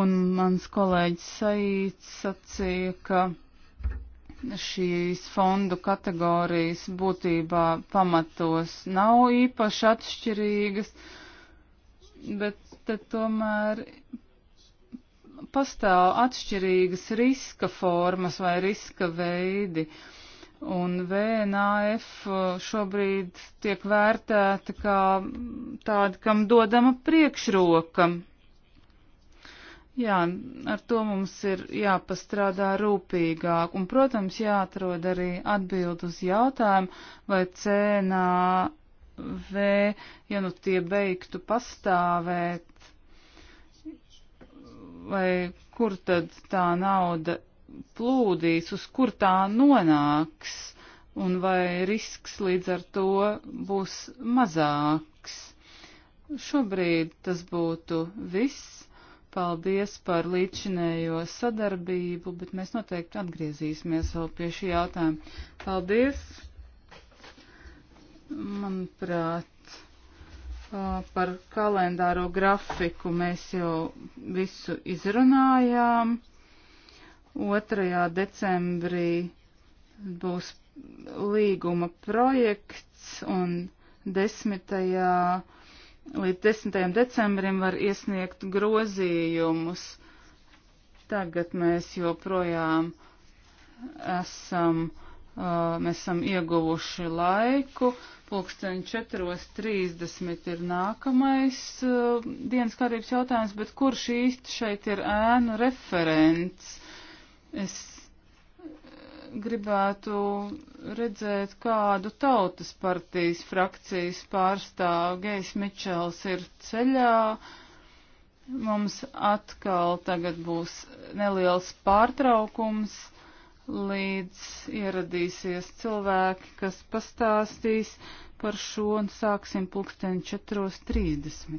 Un mans kolēģis Saīts sacīja, ka šīs fondu kategorijas būtībā pamatos nav īpaši atšķirīgas, bet tomēr pastāv atšķirīgas riska formas vai riska veidi. Un VNAF uh, šobrīd tiek vērtēta kā tāda, kam dodama priekšroka. Jā, ar to mums ir jāpastrādā rūpīgāk un, protams, jāatrod arī atbild uz jautājumu, vai cēnā V, ja nu tie beigtu pastāvēt, vai kur tad tā nauda plūdīs, uz kur tā nonāks, un vai risks līdz ar to būs mazāks. Šobrīd tas būtu viss. Paldies par līdzinējo sadarbību, bet mēs noteikti atgriezīsimies vēl pie šī jautājuma. Paldies! Manuprāt, Par kalendāro grafiku mēs jau visu izrunājām. 2. decembrī būs līguma projekts un 10. līdz 10. decembrim var iesniegt grozījumus. Tagad mēs joprojām esam, mēs esam ieguvuši laiku, Pulksten 4.30 ir nākamais uh, dienas kārtības jautājums, bet kurš īsti šeit ir ēnu referents? Es eh, gribētu redzēt, kādu tautas partijas frakcijas pārstāvu Gejs Mičels ir ceļā. Mums atkal tagad būs neliels pārtraukums līdz ieradīsies cilvēki, kas pastāstīs par šo un sāksim pulksteni 4.30.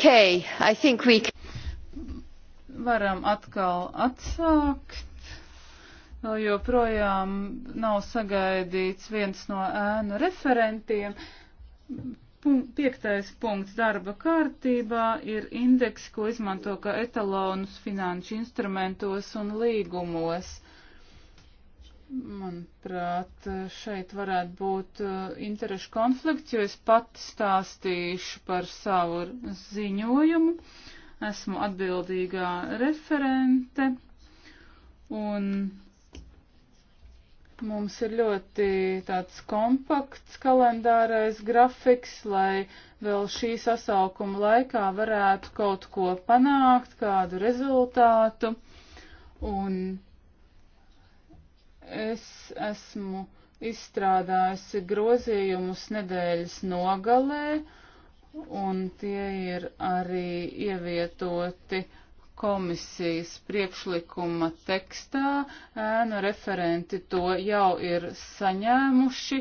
Okay, I think we varam atkal atsākt. Vēl joprojām nav sagaidīts viens no ēnu referentiem. Pun piektais punkts darba kārtībā ir indeks, ko izmanto kā etalonus finanšu instrumentos un līgumos. Manuprāt, šeit varētu būt uh, interešu konflikts, jo es pati stāstīšu par savu ziņojumu. Esmu atbildīgā referente un mums ir ļoti tāds kompakts kalendārais grafiks, lai vēl šī sasaukuma laikā varētu kaut ko panākt, kādu rezultātu. Un Es esmu izstrādājusi grozījumus nedēļas nogalē, un tie ir arī ievietoti komisijas priekšlikuma tekstā. Ēnu referenti to jau ir saņēmuši,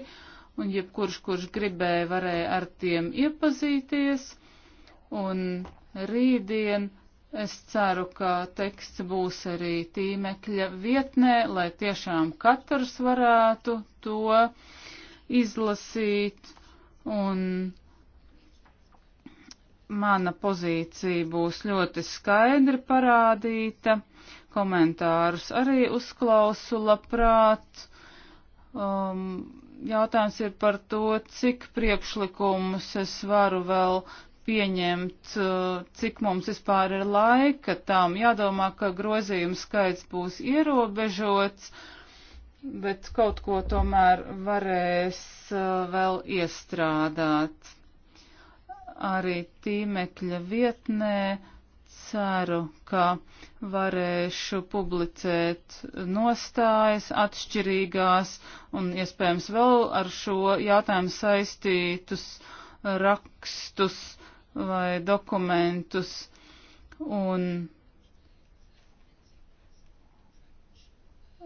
un jebkurš, kurš gribēja, varēja ar tiem iepazīties. Un rītdien Es ceru, ka teksts būs arī tīmekļa vietnē, lai tiešām katrs varētu to izlasīt. Un mana pozīcija būs ļoti skaidri parādīta. Komentārus arī uzklausu labprāt. Um, jautājums ir par to, cik priekšlikumus es varu vēl pieņemt, eh, cik mums vispār ir laika tam. Jādomā, ka grozījumu skaits būs ierobežots, bet kaut ko tomēr varēs eh, vēl iestrādāt. Arī tīmekļa vietnē ceru, ka varēšu publicēt nostājas atšķirīgās un iespējams vēl ar šo jautājumu saistītus rakstus, vai dokumentus. Un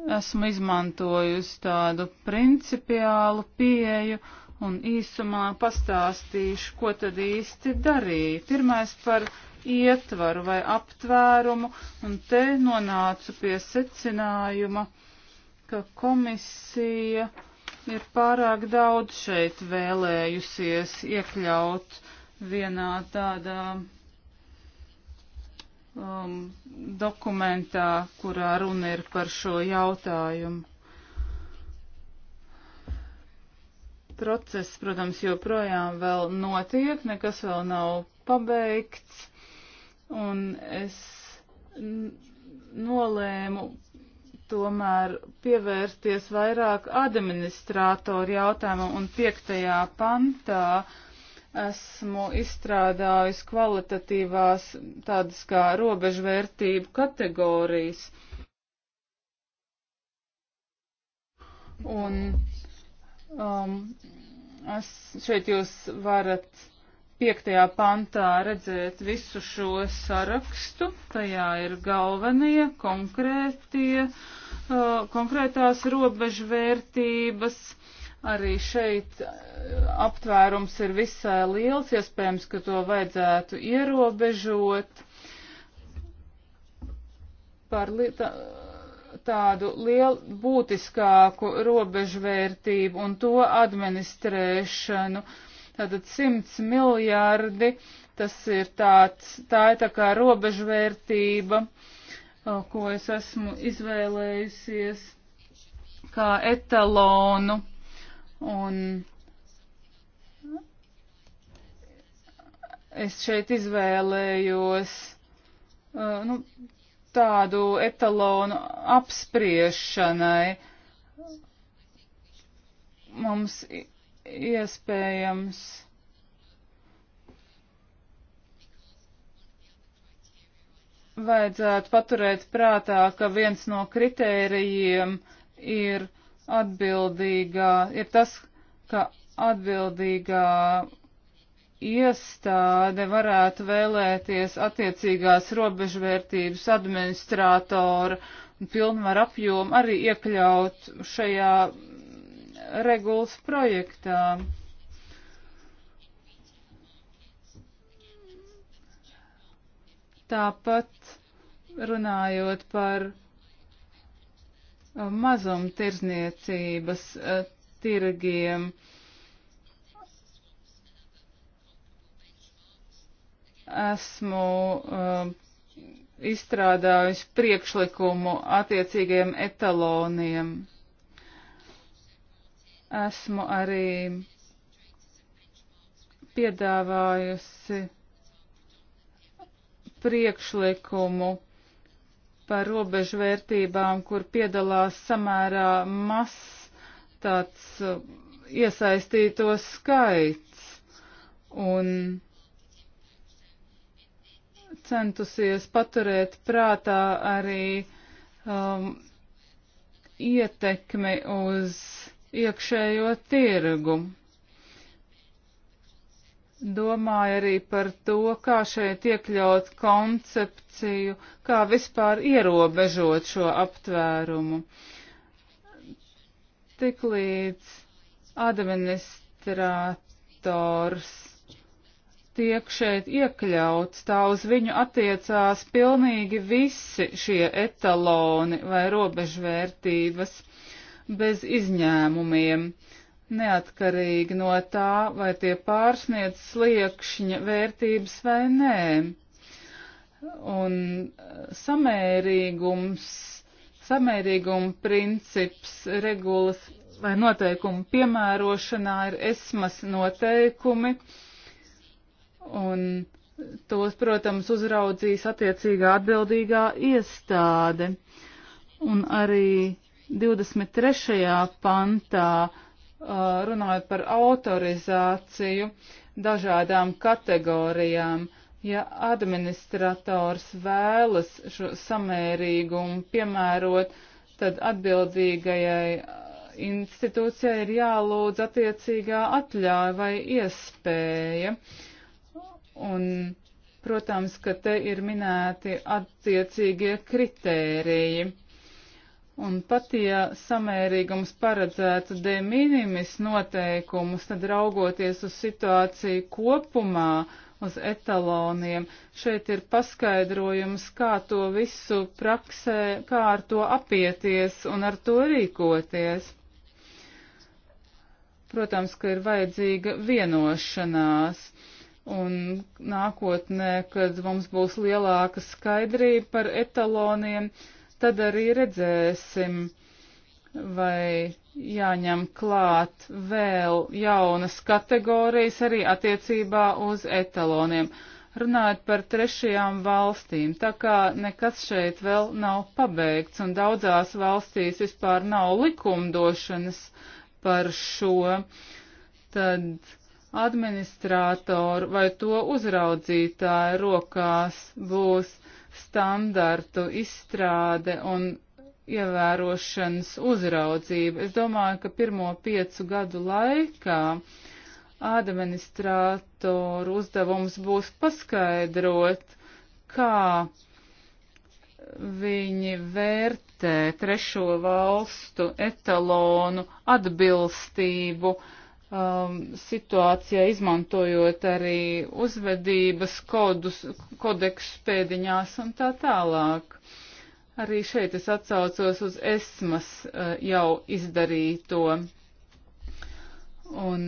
esmu izmantojusi tādu principiālu pieju un īsumā pastāstīšu, ko tad īsti darīju. Pirmais par ietvaru vai aptvērumu, un te nonācu pie secinājuma, ka komisija ir pārāk daudz šeit vēlējusies iekļaut vienā tādā um, dokumentā, kurā runa ir par šo jautājumu. Process, protams, joprojām vēl notiek, nekas vēl nav pabeigts, un es nolēmu tomēr pievērsties vairāk administrātoru jautājumam un piektajā pantā uh, esmu izstrādājis kvalitatīvās tādas kā robežvērtību kategorijas. Un um, es šeit jūs varat piektajā pantā redzēt visu šo sarakstu. Tajā ir galvenie, konkrētie, uh, konkrētās robežvērtības. Uh, Arī šeit eh, aptvērums ir visai liels, iespējams, ka to vajadzētu ierobežot par tā, tādu lielu būtiskāku robežvērtību un to administrēšanu. Tātad 100 miljārdi, tas ir tāds, tā ir tā kā robežvērtība, eh, ko es esmu izvēlējusies kā etalonu Un es šeit izvēlējos uh, nu, tādu etalonu apspriešanai. Mums iespējams. Vajadzētu paturēt prātā, ka viens no kritērijiem ir uh, atbildīgā, ir tas, ka atbildīgā iestāde varētu vēlēties attiecīgās robežvērtības administrātora un pilnvar apjomu arī iekļaut šajā regulas projektā. Tāpat runājot par mazumtirdzniecības eh, tirgiem. Esmu uh, eh, izstrādājusi priekšlikumu attiecīgiem etaloniem. Esmu arī piedāvājusi priekšlikumu par robežvērtībām, kur piedalās samērā mas tāds uh, iesaistīto skaits un centusies paturēt prātā arī um, ietekmi uz iekšējo tirgu domāju arī par to, kā šeit iekļaut koncepciju, kā vispār ierobežot šo aptvērumu. Tiklīdz administrators tiek šeit iekļauts, tā uz viņu attiecās pilnīgi visi šie etaloni vai robežvērtības bez izņēmumiem. Uh, neatkarīgi no tā, vai tie pārsniedz sliekšņa vērtības vai nē. Un samērīgums, samērīguma princips regulas vai noteikumu piemērošanā ir esmas noteikumi, un tos, protams, uzraudzīs attiecīgā atbildīgā iestāde. Un arī 23. pantā Uh, runājot par autorizāciju dažādām kategorijām. Ja administrators vēlas šo samērīgumu piemērot, tad atbildīgajai uh, institūcijai ir jālūdz attiecīgā atļauja vai iespēja. Un, protams, ka te ir minēti attiecīgie kritēriji. Un pat ja samērīgums paredzētu de minimis noteikumus, tad raugoties uz situāciju kopumā, uz etaloniem, šeit ir paskaidrojums, kā to visu praksē, kā ar to apieties un ar to rīkoties. Protams, ka ir vajadzīga vienošanās. Un nākotnē, kad mums būs lielāka skaidrība par etaloniem, uh, tad arī redzēsim, vai jāņem klāt vēl jaunas kategorijas arī attiecībā uz etaloniem. Runājot par trešajām valstīm, tā kā nekas šeit vēl nav pabeigts un daudzās valstīs vispār nav likumdošanas par šo, tad administrātoru vai to uzraudzītāju rokās būs uh, standartu izstrāde un ievērošanas uzraudzība. Es domāju, ka pirmo piecu gadu laikā administrātoru uzdevums būs paskaidrot, kā viņi vērtē trešo valstu etalonu atbilstību uh, um, situācijā, izmantojot arī uzvedības kodus, kodeksu pēdiņās un tā tālāk. Arī šeit es atsaucos uz esmas uh, jau izdarīto. Un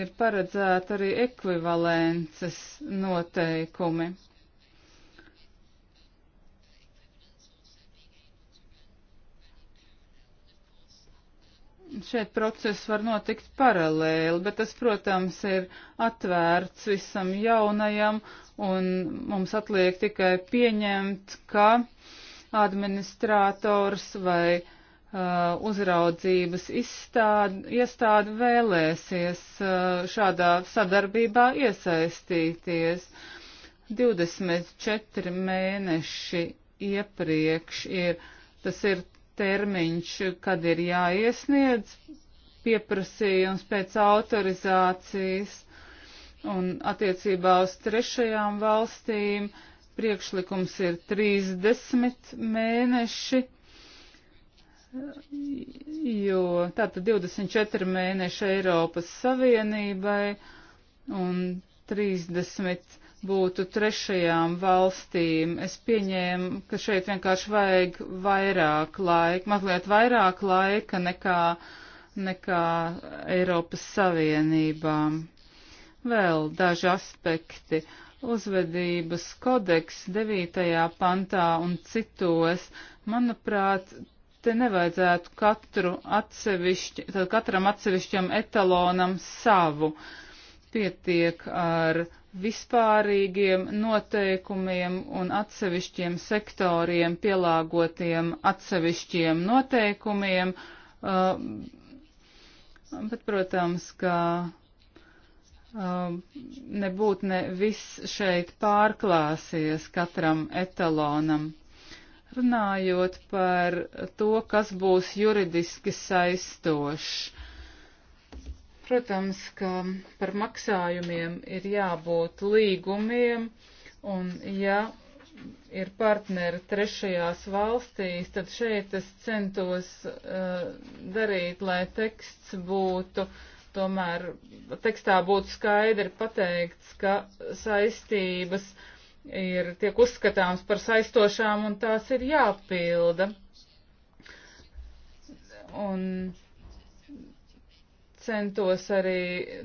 ir paredzēta arī ekvivalences noteikumi. šeit process var notikt paralēli, bet tas, protams, ir atvērts visam jaunajam, un mums atliek tikai pieņemt, ka administrators vai uh, uzraudzības izstād, iestāde vēlēsies uh, šādā sadarbībā iesaistīties. 24 mēneši iepriekš ir, tas ir termiņš, kad ir jāiesniedz pieprasījums pēc autorizācijas un attiecībā uz trešajām valstīm priekšlikums ir 30 mēneši, jo tātad 24 mēneši Eiropas Savienībai un 30 būtu trešajām valstīm. Es pieņēmu, ka šeit vienkārši vajag vairāk laika, mazliet vairāk laika nekā, nekā Eiropas Savienībām. Vēl daži aspekti. Uzvedības kodeks 9. pantā un citos, manuprāt, te nevajadzētu katru atsevišķi, tad katram atsevišķam etalonam savu. Pietiek ar uh, vispārīgiem noteikumiem un atsevišķiem sektoriem pielāgotiem atsevišķiem noteikumiem, uh, bet, protams, ka uh, nebūtu ne viss šeit pārklāsies katram etalonam. Runājot par to, kas būs juridiski saistošs, Protams, ka par maksājumiem ir jābūt līgumiem, un ja ir partneri trešajās valstīs, tad šeit es centos uh, darīt, lai teksts būtu tomēr, tekstā būtu skaidri pateikts, ka saistības ir, tiek uzskatāms par saistošām un tās ir jāpilda. Un, uh, centos arī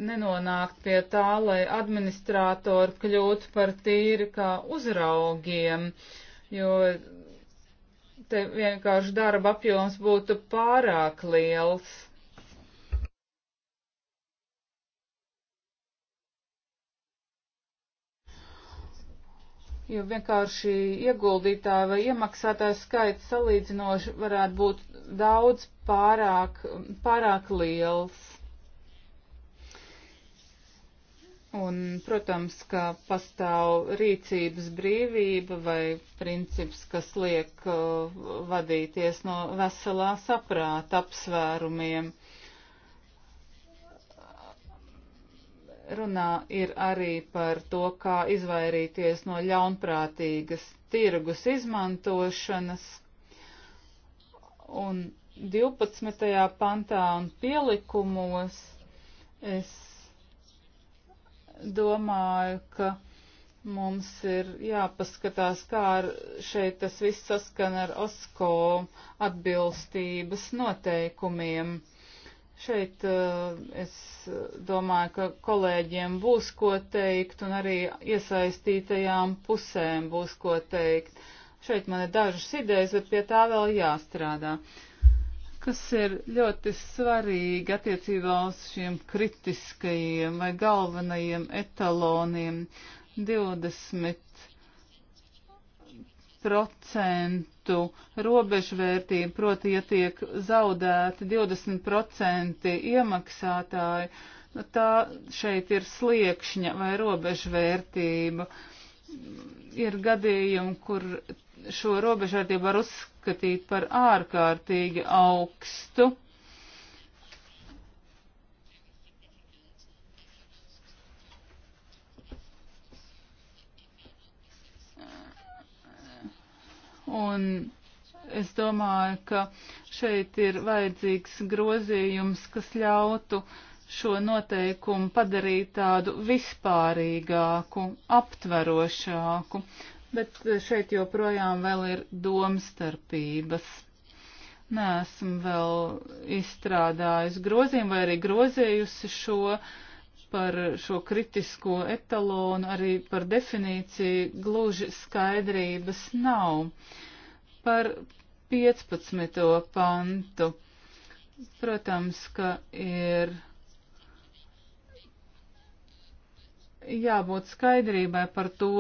nenonākt pie tā, lai administrātori kļūtu par tīri kā uzraugiem, jo te vienkārši darba apjoms būtu pārāk liels. Jo vienkārši ieguldītāja vai iemaksātāja skaits salīdzinoši varētu būt daudz pārāk, pārāk liels. Un, protams, ka pastāv rīcības brīvība vai princips, kas liek uh, vadīties no veselā saprāta apsvērumiem. Runā ir arī par to, kā izvairīties no ļaunprātīgas tirgus izmantošanas. Un 12. pantā un pielikumos es domāju, ka mums ir jāpaskatās, kā šeit tas viss saskan ar OSCO atbilstības noteikumiem. Šeit eh, es domāju, ka kolēģiem būs ko teikt un arī iesaistītajām pusēm būs ko teikt. Šeit man ir dažas idejas, bet pie tā vēl jāstrādā. Uh, kas ir ļoti svarīgi attiecībā uz šiem kritiskajiem vai galvenajiem etaloniem. 20% robežvērtība, proti, ja tiek zaudēti 20% iemaksātāji, nu tā šeit ir sliekšņa vai robežvērtība. Ir gadījumi, kur šo robežvērtību var uzskatīt par ārkārtīgi augstu. Un es domāju, ka šeit ir vajadzīgs grozījums, kas ļautu šo noteikumu padarīt tādu vispārīgāku, aptverošāku bet eh, šeit joprojām vēl ir domstarpības. Nesmu vēl izstrādājis grozījumu vai arī grozējusi šo par šo kritisko etalonu, arī par definīciju gluži skaidrības nav. Par 15. pantu, protams, ka ir jābūt skaidrībai par to,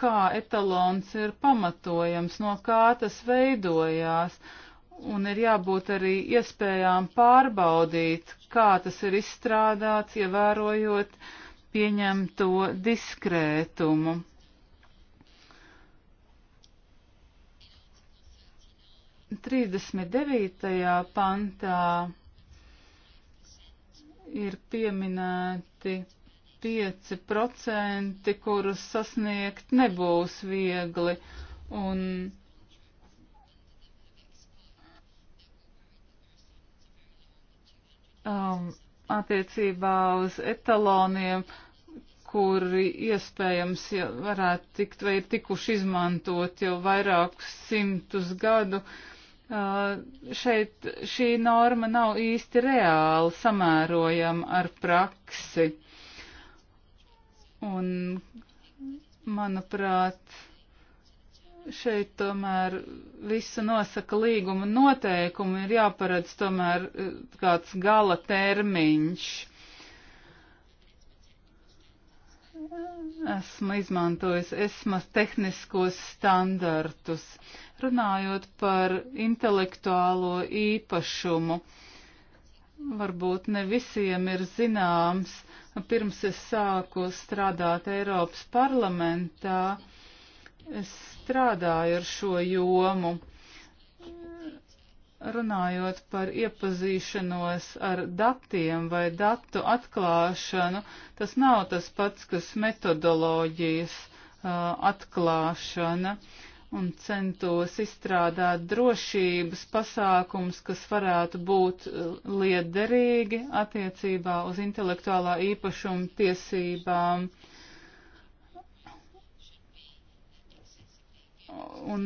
kā etalons ir pamatojams, no kā tas veidojās. Un ir jābūt arī iespējām pārbaudīt, kā tas ir izstrādāts, ievērojot pieņemto diskrētumu. Trīsdesmit devītajā pantā ir pieminēti 5%, kurus sasniegt nebūs viegli. Un um, attiecībā uz etaloniem, kuri iespējams ja varētu tikt vai ir tikuši izmantot jau vairākus simtus gadu, uh, šeit šī norma nav īsti reāli samērojama ar praksi. Un, manuprāt, šeit tomēr visu nosaka līguma noteikumi, ir jāparedz tomēr eh, kāds gala termiņš. Esmu izmantojis esmas tehniskos standartus, runājot par intelektuālo īpašumu. Varbūt ne visiem ir zināms, Pirms es sāku strādāt Eiropas parlamentā, es strādāju ar šo jomu. Runājot par iepazīšanos ar datiem vai datu atklāšanu, tas nav tas pats, kas metodoloģijas uh, atklāšana. Uh, un centos izstrādāt drošības pasākums, kas varētu būt uh, liederīgi attiecībā uz intelektuālā īpašuma tiesībām. Un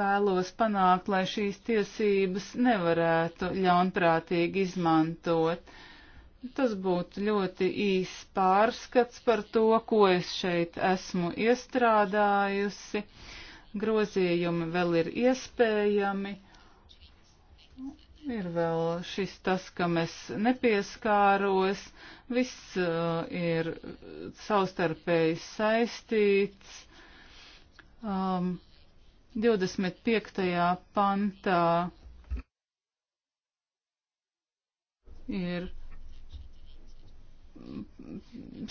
vēlos panākt, lai šīs tiesības nevarētu ļaunprātīgi izmantot. Tas būtu ļoti īss pārskats par to, ko es šeit esmu iestrādājusi grozījumi vēl ir iespējami. Ir vēl šis tas, kam es nepieskāros. Viss uh, ir savstarpēji saistīts. Um, 25. pantā ir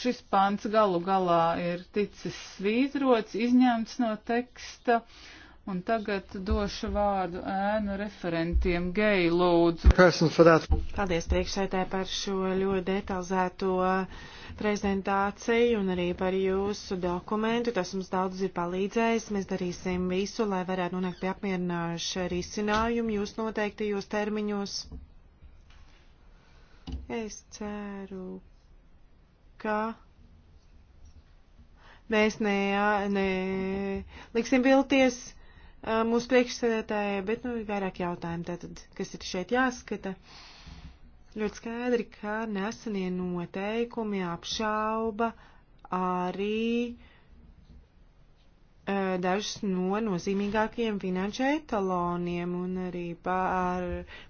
šis pants galu galā ir ticis svītrots, izņemts no teksta. Un tagad došu vārdu ēnu referentiem geju lūdzu. Paldies priekšsētē par šo ļoti detalizēto prezentāciju un arī par jūsu dokumentu. Tas mums daudz ir palīdzējis. Mēs darīsim visu, lai varētu nonākt pie apmierinājuša risinājuma jūs noteiktajos termiņos. Es ceru, ka mēs ne, ne liksim vilties mūsu priekšsēdētājai, bet nu, ir vairāk jautājumu, tātad, kas ir šeit jāskata. Ļoti skaidri, ka nesenie noteikumi apšauba arī uh, Eh, dažus no nozīmīgākajiem finanšu etaloniem un arī par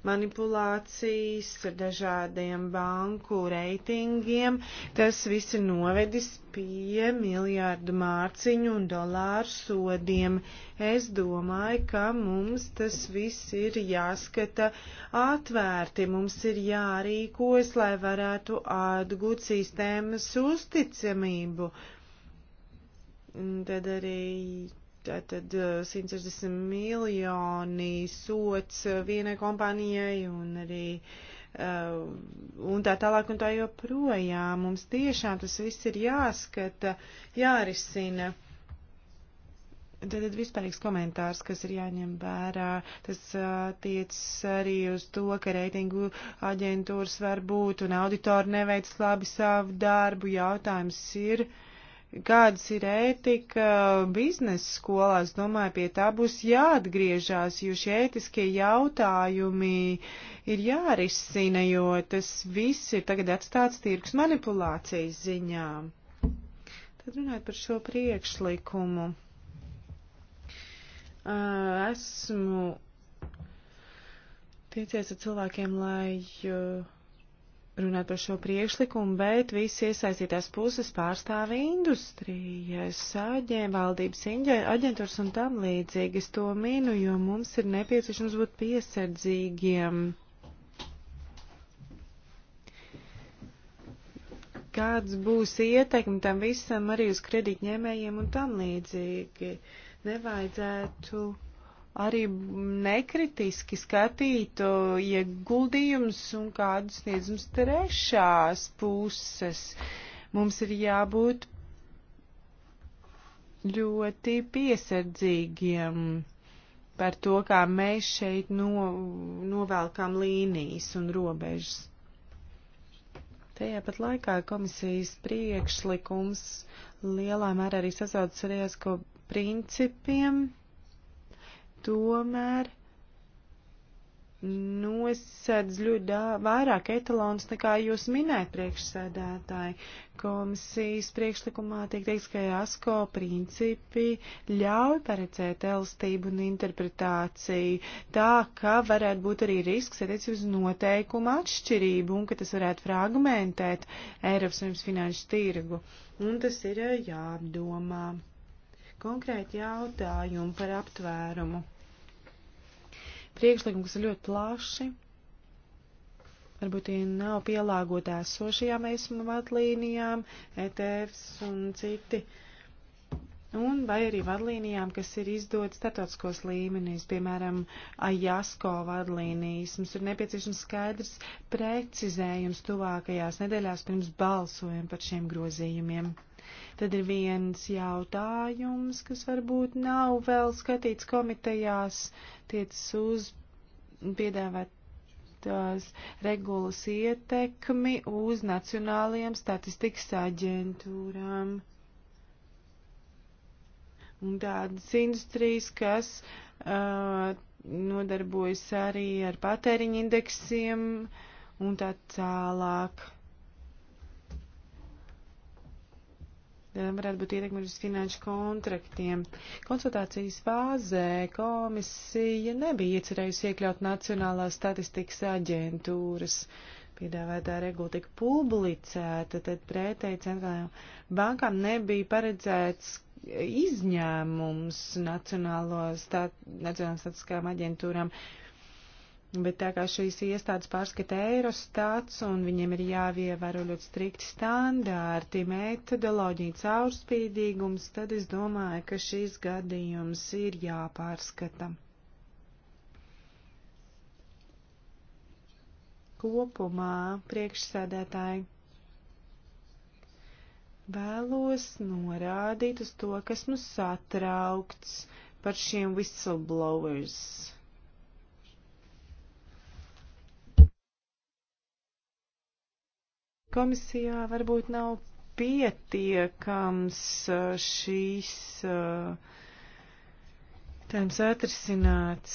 manipulācijas ar dažādiem banku reitingiem. Tas viss ir novedis pie miljārdu mārciņu un dolāru sodiem. Es domāju, ka mums tas viss ir jāskata atvērti, mums ir jārīkojas, lai varētu atgūt sistēmas uzticamību. Uh, Tad arī tātad 160 uh, miljoni sots uh, vienai kompānijai un arī uh, un tā tālāk un tā joprojām. Mums tiešām tas viss ir jāskata, jārisina. Tātad vispārīgs komentārs, kas ir jāņem vērā, tas attiecas uh, arī uz to, ka reitingu aģentūras var būt un auditori neveic labi savu darbu. Jautājums ir. Uh, kādas ir ētika biznesa skolās, domāju, pie tā būs jāatgriežās, jo šie ētiskie jautājumi ir jārisina, jo tas viss ir tagad atstāts tirgus manipulācijas ziņā. Tad runājot par šo priekšlikumu. Esmu tiecies ar cilvēkiem, lai. Uh, runāt par šo priekšlikumu, bet visi iesaistītās puses pārstāvi industrijas, sāģēm, valdības aģentūras un tam līdzīgi. Es to minu, jo mums ir nepieciešams būt piesardzīgiem. Kāds būs ietekmi tam visam arī uz kredītņēmējiem un tam līdzīgi? Nevajadzētu arī nekritiski skatītu ieguldījumus ja un kādus sniedzums trešās puses. Mums ir jābūt ļoti piesardzīgiem par to, kā mēs šeit no, novelkam līnijas un robežas. Tajā pat laikā komisijas priekšlikums lielā mērā arī sasaucas ar ESCO principiem tomēr nosedz ļoti vairāk etalons, nekā jūs minējat priekšsēdētāji. Komisijas priekšlikumā tiek teiks, ka ASCO principi ļauj paredzēt elstību un interpretāciju tā, ka varētu būt arī risks attiecībā uz noteikumu atšķirību un ka tas varētu fragmentēt Eiropas Savienības finanšu tirgu. Un tas ir jāapdomā. Konkrēti jautājumi par aptvērumu priekšlikumi, kas ir ļoti plaši. Varbūt tie nav pielāgoti esošajām esmu vadlīnijām, ETFs un citi. Un vai arī vadlīnijām, kas ir izdotas startautiskos līmenīs, piemēram, AJASKO vadlīnijas. Mums ir nepieciešams skaidrs precizējums tuvākajās nedēļās pirms balsojam par šiem grozījumiem. Tad ir viens jautājums, kas varbūt nav vēl skatīts komitejās, tiec uz piedāvāt tās regulas ietekmi uz nacionālajiem statistikas aģentūrām. Un tādas industrijas, kas uh, nodarbojas arī ar patēriņa indeksiem un tā tālāk. Eh, varētu būt ietekme uz finanšu kontraktiem. Konsultācijas fāzē komisija nebija iecerējusi iekļaut Nacionālās statistikas aģentūras. Piedāvētā regula tika publicēta, tad pretēji centrālajām bankām nebija paredzēts izņēmums Nacionālo stat Nacionālās statistiskām aģentūrām. Uh, Bet tā kā šīs iestādes pārskata Eirostats un viņiem ir jāvievēro ļoti strikti standārti, metodoloģija, caurspīdīgums, tad es domāju, ka šīs gadījums ir jāpārskata. Kopumā priekšsēdētāji vēlos norādīt uz to, kas mums nu satraukts par šiem whistleblowers Komisijā varbūt nav pietiekams eh, šīs eh, tēmas atrisināts.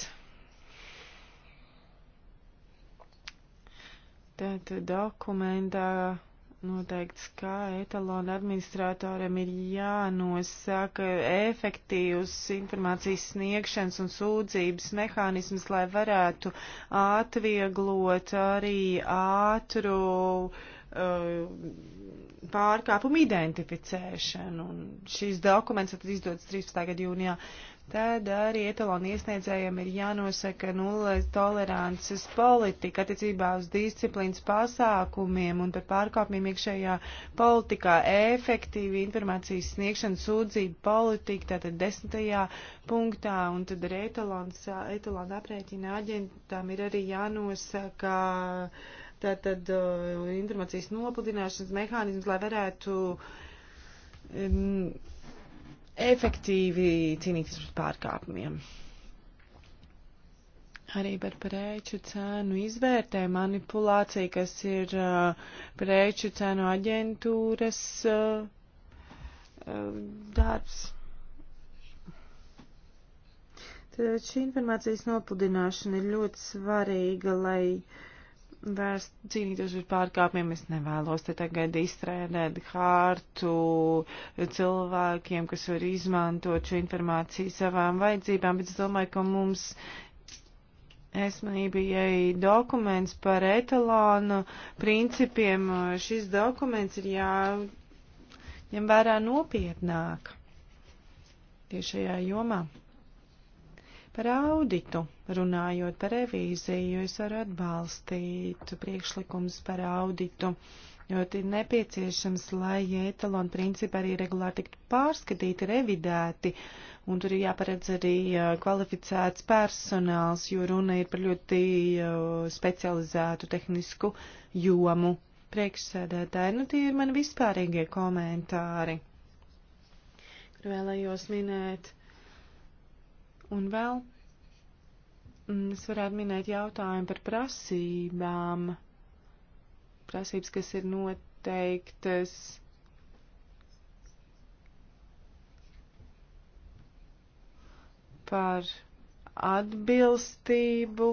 Tātad dokumentā noteikts, kā etalona administratoram ir jānosaka efektīvs informācijas sniegšanas un sūdzības mehānisms, lai varētu atvieglot arī ātru uh, Uh, pārkāpumu identificēšanu. Un šīs dokuments tad izdodas 13. gada jūnijā. Tad arī etalonu iesniedzējiem ir jānosaka nulles tolerances politika attiecībā uz disciplīnas pasākumiem un par pārkāpumiem iekšējā politikā, efektīvi informācijas sniegšana, sūdzību politika, tātad desmitajā punktā, un tad arī etalons, etalons aprēķina aģentām ir arī jānosaka. Uh, Tātad uh, informācijas nopludināšanas mehānisms, lai varētu um, efektīvi cīnīties pret pārkāpumiem. Arī par preču cēnu izvērtē manipulācija, kas ir uh, preču cēnu aģentūras uh, uh, darbs. Tad šī informācijas nopludināšana ir ļoti svarīga, lai uh, vērst cīnīties uz pārkāpumiem. Es nevēlos te tagad izstrādāt hārtu cilvēkiem, kas var izmantot šo informāciju savām vajadzībām, bet es domāju, ka mums esmanība ir dokuments par etalonu principiem. Šis dokuments ir jāņem vērā nopietnāk tiešajā jomā. Par auditu runājot par revīziju, es varu atbalstīt priekšlikums par auditu, jo ir nepieciešams, lai etalon principi arī regulāri tiktu pārskatīti, revidēti, un tur ir jāparedz arī kvalificēts personāls, jo runa ir par ļoti specializētu tehnisku jomu. Priekšsēdētāji, nu tie ir mani vispārīgie komentāri, kur vēlējos minēt. Un vēl mm, es varētu minēt jautājumu par prasībām. Prasības, kas ir noteiktas. Par atbilstību,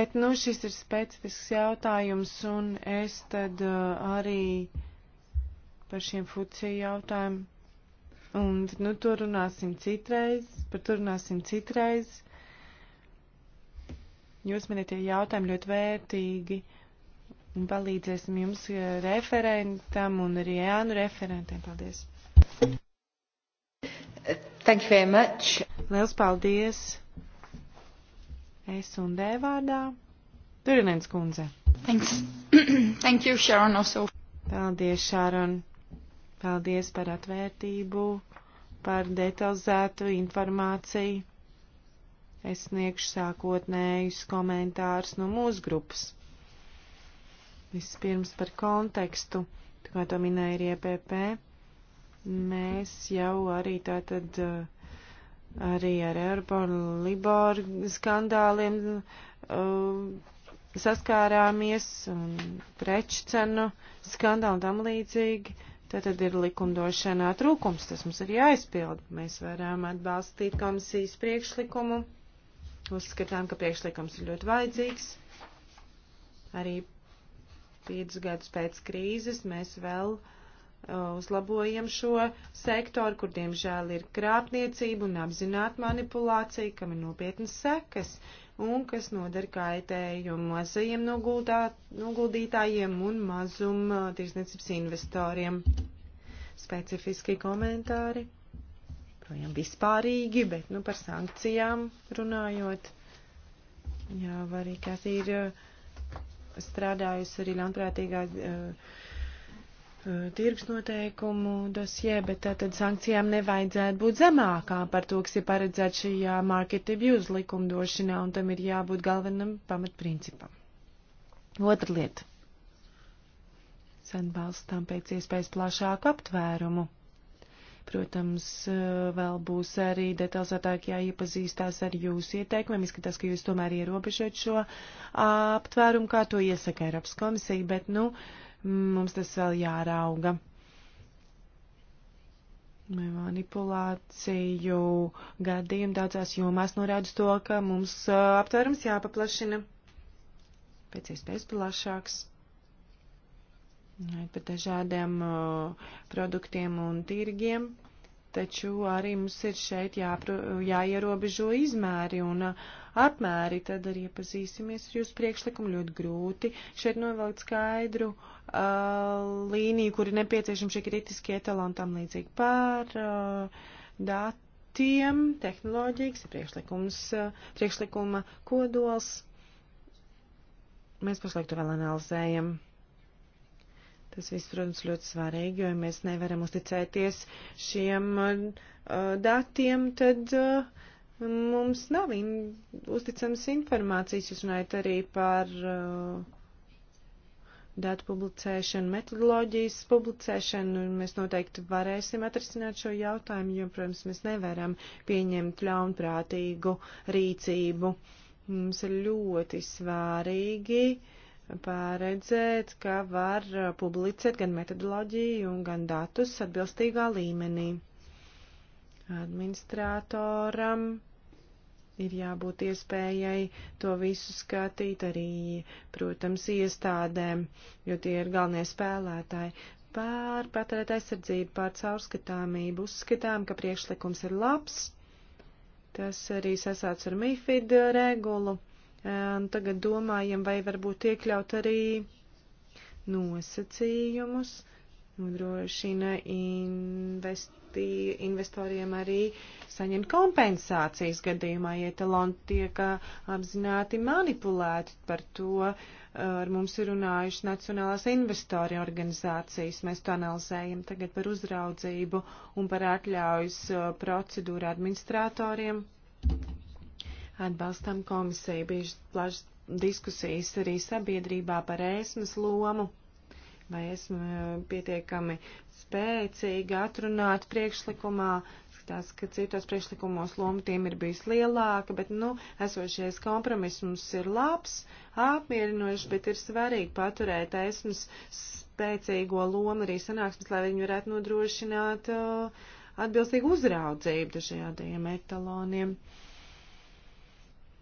bet nu šis ir specifisks jautājums, un es tad uh, arī par šiem fuciju jautājumiem Un, nu, to runāsim citreiz, par to runāsim citreiz. Jūs man ir tie jautājumi ļoti vērtīgi un palīdzēsim jums referentam un arī Jānu referentiem. Paldies! Thank you very much. Liels paldies! Es un D vārdā. Turinens kundze. Thanks. Thank you, Sharon, also. Paldies, Sharon. Paldies par atvērtību, par detalizētu informāciju. Es sniegšu sākotnējus komentārus no mūsu grupas. Vispirms par kontekstu, tā kā to minēja arī EPP, mēs jau arī tātad uh, arī ar Erbonu Liboru skandāliem uh, saskārāmies un preču cenu skandālu tam līdzīgi Tad, tad ir likumdošanā trūkums, tas mums ir jāizpild. Mēs varam atbalstīt komisijas priekšlikumu. Uzskatām, ka priekšlikums ir ļoti vajadzīgs. Arī piecus gadus pēc krīzes mēs vēl uh, uzlabojam šo sektoru, kur diemžēl ir krāpniecība un apzināta manipulācija, kam ir nopietnas sekas un kas nodara kaitējumu mazajiem noguldītājiem un mazum uh, tirsniecības investoriem. Specifiski komentāri, projām vispārīgi, bet nu par sankcijām runājot. Jā, arī kas ir uh, strādājusi arī ļaunprātīgā. Uh, Uh, tirgus noteikumu dosie, bet tātad sankcijām nevajadzētu būt zemākām par to, kas ir paredzēts šajā market abuse likumdošanā, un tam ir jābūt galvenam pamatprincipam. Otra lieta. Sanbalstām pēc iespējas plašāku aptvērumu. Protams, uh, vēl būs arī detalizētāk jāiepazīstās ar jūsu ieteikumiem. Izskatās, ka jūs tomēr ierobežot šo aptvērumu, kā to iesaka Eiropas komisija, bet, nu, uh, mums tas vēl jārauga. Manipulāciju gadījumi daudzās jomās norāda to, ka mums aptvērums jāpaplašina pēc iespējas plašāks. Par dažādiem produktiem un tirgiem, taču arī mums ir šeit jāpro, jāierobežo izmēri un uh, apmēri, tad arī iepazīsimies ar jūsu priekšlikumu. Ļoti grūti šeit novilkt skaidru uh, līniju, kur ir nepieciešami šie kritiskie etaloni tam līdzīgi par uh, datiem. Tehnoloģijas ir priekšlikums, uh, priekšlikuma kodols. Mēs pašlaik to vēl analizējam. Tas viss, protams, ļoti svarīgi, jo ja mēs nevaram uzticēties šiem uh, datiem, tad uh, Mums nav in uzticamas informācijas, jūs runājat arī par uh, datu publicēšanu, metodoloģijas publicēšanu, un mēs noteikti varēsim atrisināt šo jautājumu, jo, protams, mēs nevaram pieņemt ļaunprātīgu rīcību. Mums ir ļoti svārīgi pārredzēt, ka var publicēt gan metodoloģiju, gan datus atbilstīgā līmenī administrātoram ir jābūt iespējai to visu skatīt arī, protams, iestādēm, jo tie ir galvenie spēlētāji. Pār patērēt aizsardzību, pār caurskatāmību uzskatām, ka priekšlikums ir labs. Tas arī sasāc ar MIFID regulu. E, un tagad domājam, vai varbūt iekļaut arī nosacījumus. Uh, nodrošina investi, investoriem arī saņemt kompensācijas gadījumā, ja etaloni tiek apzināti manipulēti par to. Ar mums ir runājuši Nacionālās investori organizācijas. Mēs to analizējam tagad par uzraudzību un par atļaujas procedūru administratoriem. Atbalstam komisiju. Bieži plašas diskusijas arī sabiedrībā par ēsmas lomu vai esmu e, pietiekami spēcīgi atrunāt priekšlikumā, tās, ka citos priekšlikumos loma tiem ir bijis lielāka, bet, nu, esošais kompromiss mums ir labs, apmierinošs, bet ir svarīgi paturēt esmas spēcīgo lomu arī sanāksmes, lai viņi varētu nodrošināt uh, atbilstīgu uzraudzību dažādiem etaloniem. Uh,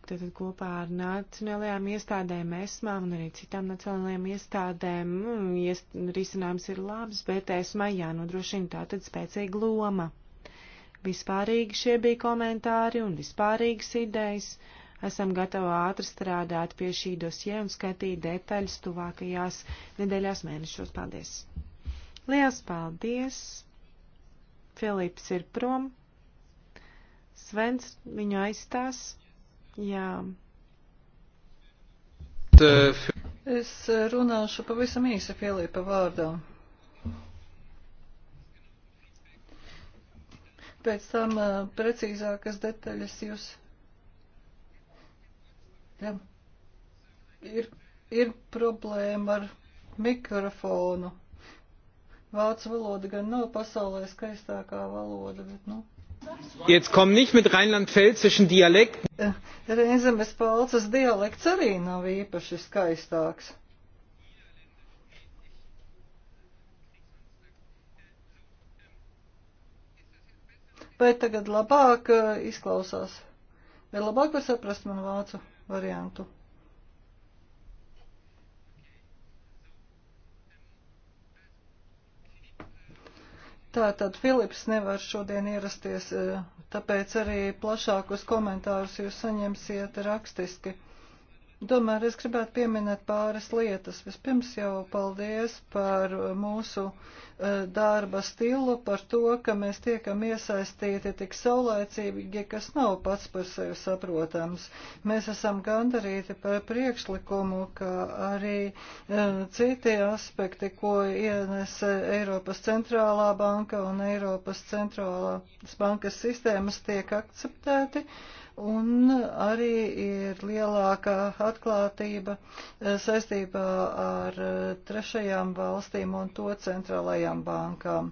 Tātad kopā ar nacionālajām iestādēm, ESMām un arī citām nacionālajām iestādēm mm, iest, risinājums ir labs, bet ESMā jānodrošina tātad spēcīga loma. Vispārīgi šie bija komentāri un vispārīgas idejas. Esam gatavi ātri strādāt pie šī dosie un skatīt detaļas tuvākajās nedēļās mēnešos. Paldies! Liels paldies! Filips ir prom. Svens viņu aizstās. Jā. Es runāšu pavisam īsi Filipa vārdā. Pēc tam uh, precīzākas detaļas jūs. Jā. Ir, ir problēma ar mikrofonu. Vācu valoda gan nav pasaulē skaistākā valoda, bet, nu. Jetzt komm nicht mit rheinland-pfälzischen Dialekten. Reizemes palcas dialekts arī nav īpaši skaistāks. Vai tagad labāk eh, izklausās? Vai labāk var saprast manu vācu variantu? Tātad Filips nevar šodien ierasties, eh, tāpēc arī plašākus komentārus jūs saņemsiet rakstiski. Tomēr es gribētu pieminēt pāris lietas. Vispirms jau paldies par mūsu eh, darba stilu, par to, ka mēs tiekam iesaistīti tik saulēcīgi, kas nav pats par sevi saprotams. Mēs esam gandarīti par priekšlikumu, ka arī eh, citi aspekti, ko ienes Eiropas centrālā banka un Eiropas centrālās bankas sistēmas, tiek akceptēti. Uh, un arī ir lielāka atklātība eh, saistībā ar eh, trešajām valstīm un to centrālajām bankām.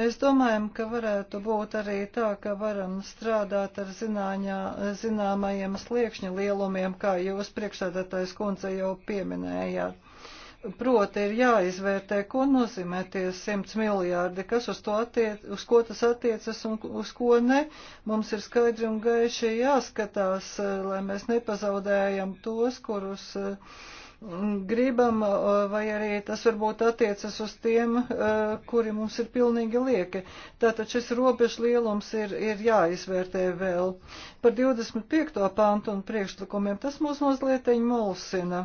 Mēs domājam, ka varētu būt arī tā, ka varam strādāt ar zināņā, zināmajiem sliekšņa lielumiem, kā jūs priekšsēdētājs kundze jau pieminējāt Proti ir jāizvērtē, ko nozīmē tie 100 miljārdi, kas uz, to attiec, uz ko tas attiecas un uz ko ne. Mums ir skaidri un gaiši jāskatās, eh, lai mēs nepazaudējam tos, kurus. Uh, gribam, vai arī tas varbūt attiecas uz tiem, kuri mums ir pilnīgi lieki. Tātad šis robežu lielums ir, ir jāizvērtē vēl. Par 25. pāntu un priekšlikumiem tas mūs mazliet mulsina.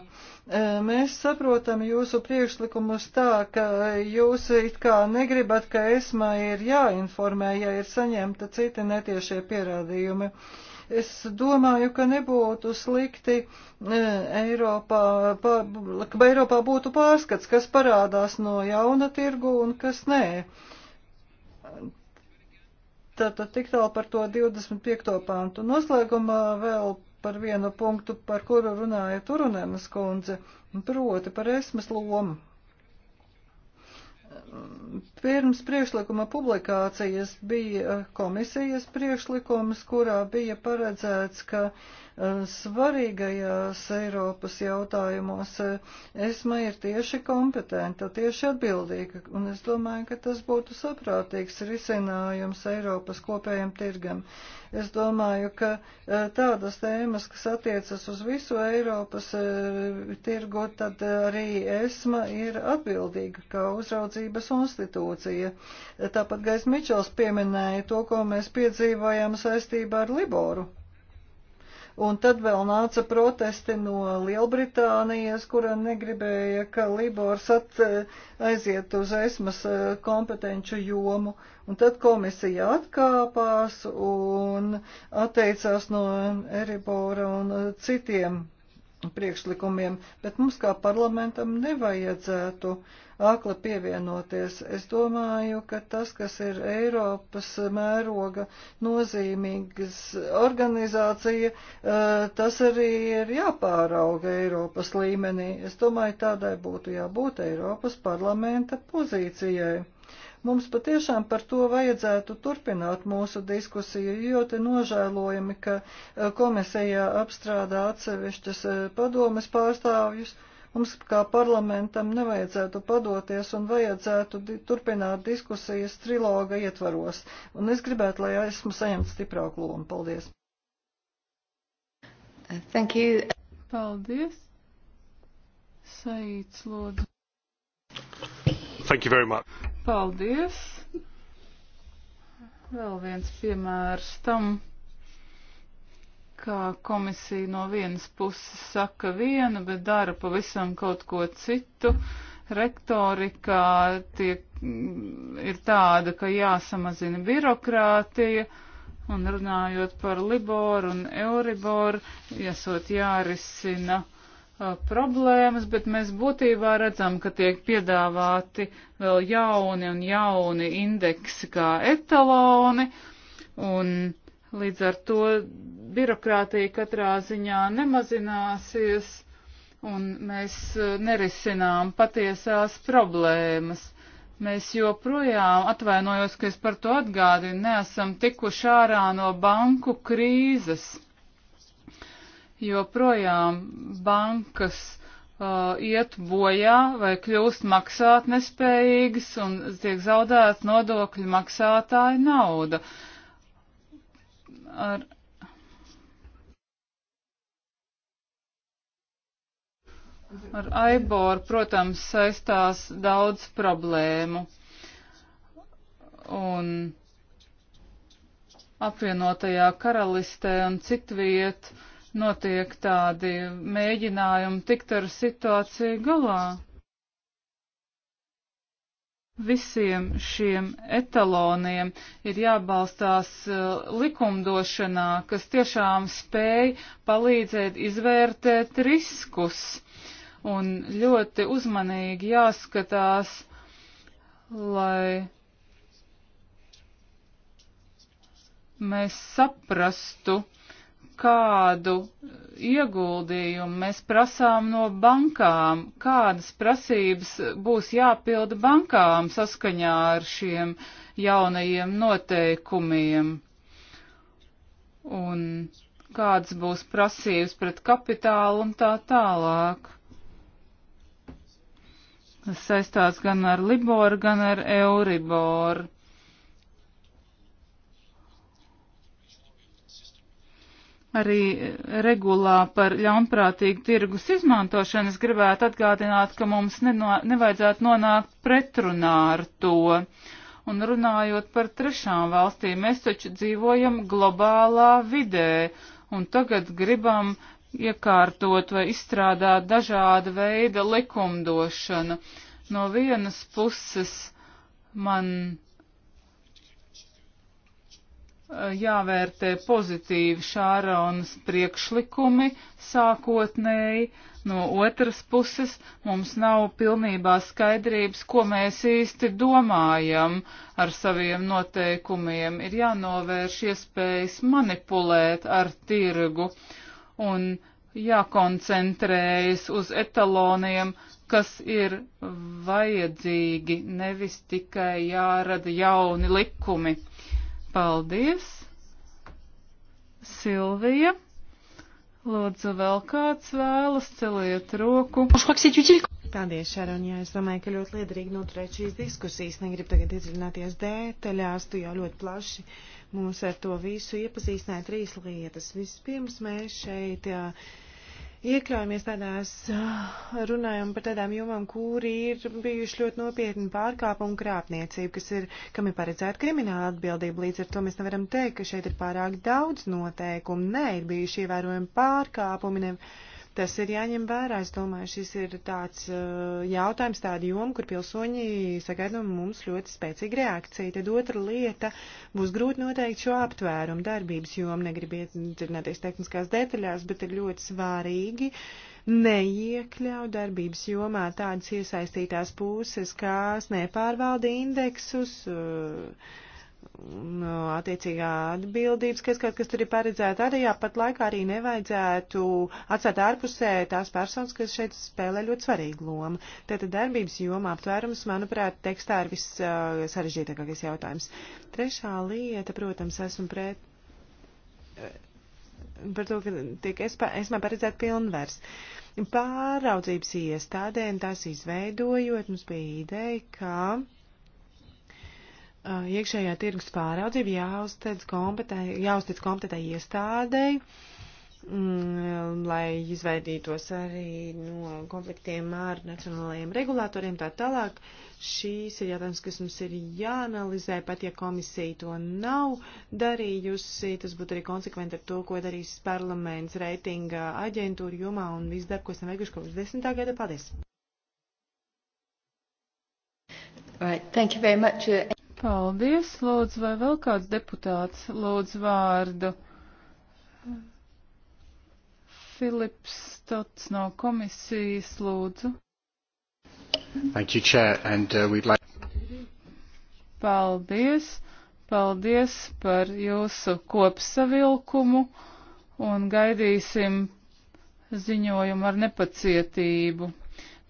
E, mēs saprotam jūsu priekšlikumus tā, ka jūs it kā negribat, ka ESMA ir jāinformē, ja ir saņemta citi netiešie pierādījumi. Uh, Es domāju, ka nebūtu slikti e, Eiropā, ka Eiropā būtu pārskats, kas parādās no jauna tirgu un kas nē. Tātad tik tālu par to 25. pāntu. Noslēgumā vēl par vienu punktu, par kuru runāja Turunenes kundze, proti par esmas lomu Pirms priekšlikuma publikācijas bija eh, komisijas priekšlikums, kurā bija paredzēts, ka eh, svarīgajās Eiropas jautājumos eh, ESMA ir tieši kompetenta, tieši atbildīga, un es domāju, ka tas būtu saprātīgs risinājums Eiropas kopējiem tirgam. Es domāju, ka tādas tēmas, kas attiecas uz visu Eiropas tirgu, tad arī ESMA ir atbildīga kā uzraudzības institūcija revolūcija. Tāpat Gais Mičels pieminēja to, ko mēs piedzīvojām saistībā ar Liboru. Un tad vēl nāca protesti no Lielbritānijas, kura negribēja, ka Libors at, aiziet uz esmas eh, kompetenču jomu. Un tad komisija atkāpās un atteicās no Eribora un eh, citiem priekšlikumiem, bet mums kā parlamentam nevajadzētu akli pievienoties. Es domāju, ka tas, kas ir Eiropas mēroga nozīmīgas organizācija, eh, tas arī ir jāpārauga Eiropas līmenī. Es domāju, tādai būtu jābūt Eiropas parlamenta pozīcijai. Mums patiešām par to vajadzētu turpināt mūsu diskusiju, jo te nožēlojami, ka e, komisijā apstrādā atsevišķas e, padomes pārstāvjus. Mums kā parlamentam nevajadzētu padoties un vajadzētu di turpināt diskusijas triloga ietvaros. Un es gribētu, lai esmu saņemts stiprāku lomu. Paldies! Thank you. Paldies! Saīts, lūdzu. Thank you very much. Paldies. Vēl viens piemērs tam, kā komisija no vienas puses saka vienu, bet dara pavisam kaut ko citu. Rektorikā tiek, mm, ir tāda, ka jāsamazina birokrātija, un runājot par Liboru un Euriboru, iesot jārisina. Uh, problēmas, bet mēs būtībā redzam, ka tiek piedāvāti vēl jauni un jauni indeksi kā etaloni, un līdz ar to birokrātija katrā ziņā nemazināsies, un mēs nerisinām patiesās problēmas. Mēs joprojām, atvainojos, ka es par to atgādinu, neesam tikuši ārā no banku krīzes joprojām bankas uh, iet bojā vai kļūst maksāt nespējīgas un tiek zaudēta nodokļu maksātāja nauda. Ar Ar Aiboru, protams, saistās daudz problēmu. Un apvienotajā karalistē un citviet uh, notiek tādi mēģinājumi tikt ar situāciju galā. Visiem šiem etaloniem ir jābalstās uh, likumdošanā, kas tiešām spēj palīdzēt izvērtēt riskus un ļoti uzmanīgi jāskatās, lai mēs saprastu, kādu ieguldījumu mēs prasām no bankām, kādas prasības būs jāpilda bankām saskaņā ar šiem jaunajiem noteikumiem. Un kādas būs prasības pret kapitālu un tā tālāk. Tas saistās gan ar Liboru, gan ar Euriboru. arī regulā par ļaunprātīgu tirgus izmantošanu, es gribētu atgādināt, ka mums neno, nevajadzētu nonākt pretrunā ar to. Un runājot par trešām valstīm, mēs taču dzīvojam globālā vidē, un tagad gribam iekārtot vai izstrādāt dažāda veida likumdošanu. No vienas puses man jāvērtē pozitīvi Šāraunas priekšlikumi sākotnēji. No otras puses mums nav pilnībā skaidrības, ko mēs īsti domājam ar saviem noteikumiem. Ir jānovērš iespējas manipulēt ar tirgu un jākoncentrējas uz etaloniem, kas ir vajadzīgi, nevis tikai jārada jauni likumi. Paldies! Silvija! Lūdzu, vēl kāds vēlas celiet roku. Paldies, Šaronijā. Es domāju, ka ļoti liederīgi noturēt šīs diskusijas. Negribu tagad iedziļināties detaļās, tu jau ļoti plaši mums ar to visu iepazīstināji trīs lietas. Vispirms mēs šeit. Jā, ja, iekļaujamies tādās, ah, runājam par tādām jomām, kur ir bijuši ļoti nopietni pārkāpumi un krāpniecība, kas ir, kam ir paredzēta krimināla atbildība. Līdz ar to mēs nevaram teikt, ka šeit ir pārāk daudz noteikumu. Nē, ir bijuši ievērojami pārkāpumi. Ne, Tas ir jāņem vērā. Es domāju, šis ir tāds uh, jautājums, tāda joma, kur pilsoņi sagaida no mums ļoti spēcīga reakcija. Tad otra lieta būs grūti noteikt šo aptvērumu darbības jomu. Negribiet dzirdināties tehniskās detaļās, bet ir ļoti svārīgi neiekļaut darbības jomā tādas iesaistītās puses, kas nepārvalda indeksus. Uh, Nu, attiecīgā atbildības, kas kaut kas tur ir paredzēta, arī jāpat laikā arī nevajadzētu atstāt ārpusē tās personas, kas šeit spēlē ļoti svarīgu lomu. Tātad darbības joma aptvērums, manuprāt, tekstā ir viss uh, sarežģītākais jautājums. Trešā lieta, protams, esmu pret. Uh, par to, ka tiek esmā es paredzēt pilnvers. Pāraudzības iestādēm tās izveidojot, mums bija ideja, ka Uh, iekšējā tirgus pāraudzība jāuztic kompetentai kompetē iestādēji, mm, lai izvaidītos arī no konfliktiem ar nacionālajiem regulātoriem tā tālāk. Šīs ir jautājums, kas mums ir jāanalizē, pat ja komisija to nav darījusi, tas būtu arī konsekventi ar to, ko darīs parlaments reitinga aģentūra jomā un viss darb, ko esam veikuši kopš desmitā gada. Paldies! Right, thank you very much. Paldies, lūdzu, vai vēl kāds deputāts lūdzu vārdu? Filips Tots no komisijas lūdzu. Thank you, Chair, and uh, we'd like. Paldies, paldies par jūsu kopsavilkumu un gaidīsim ziņojumu ar nepacietību.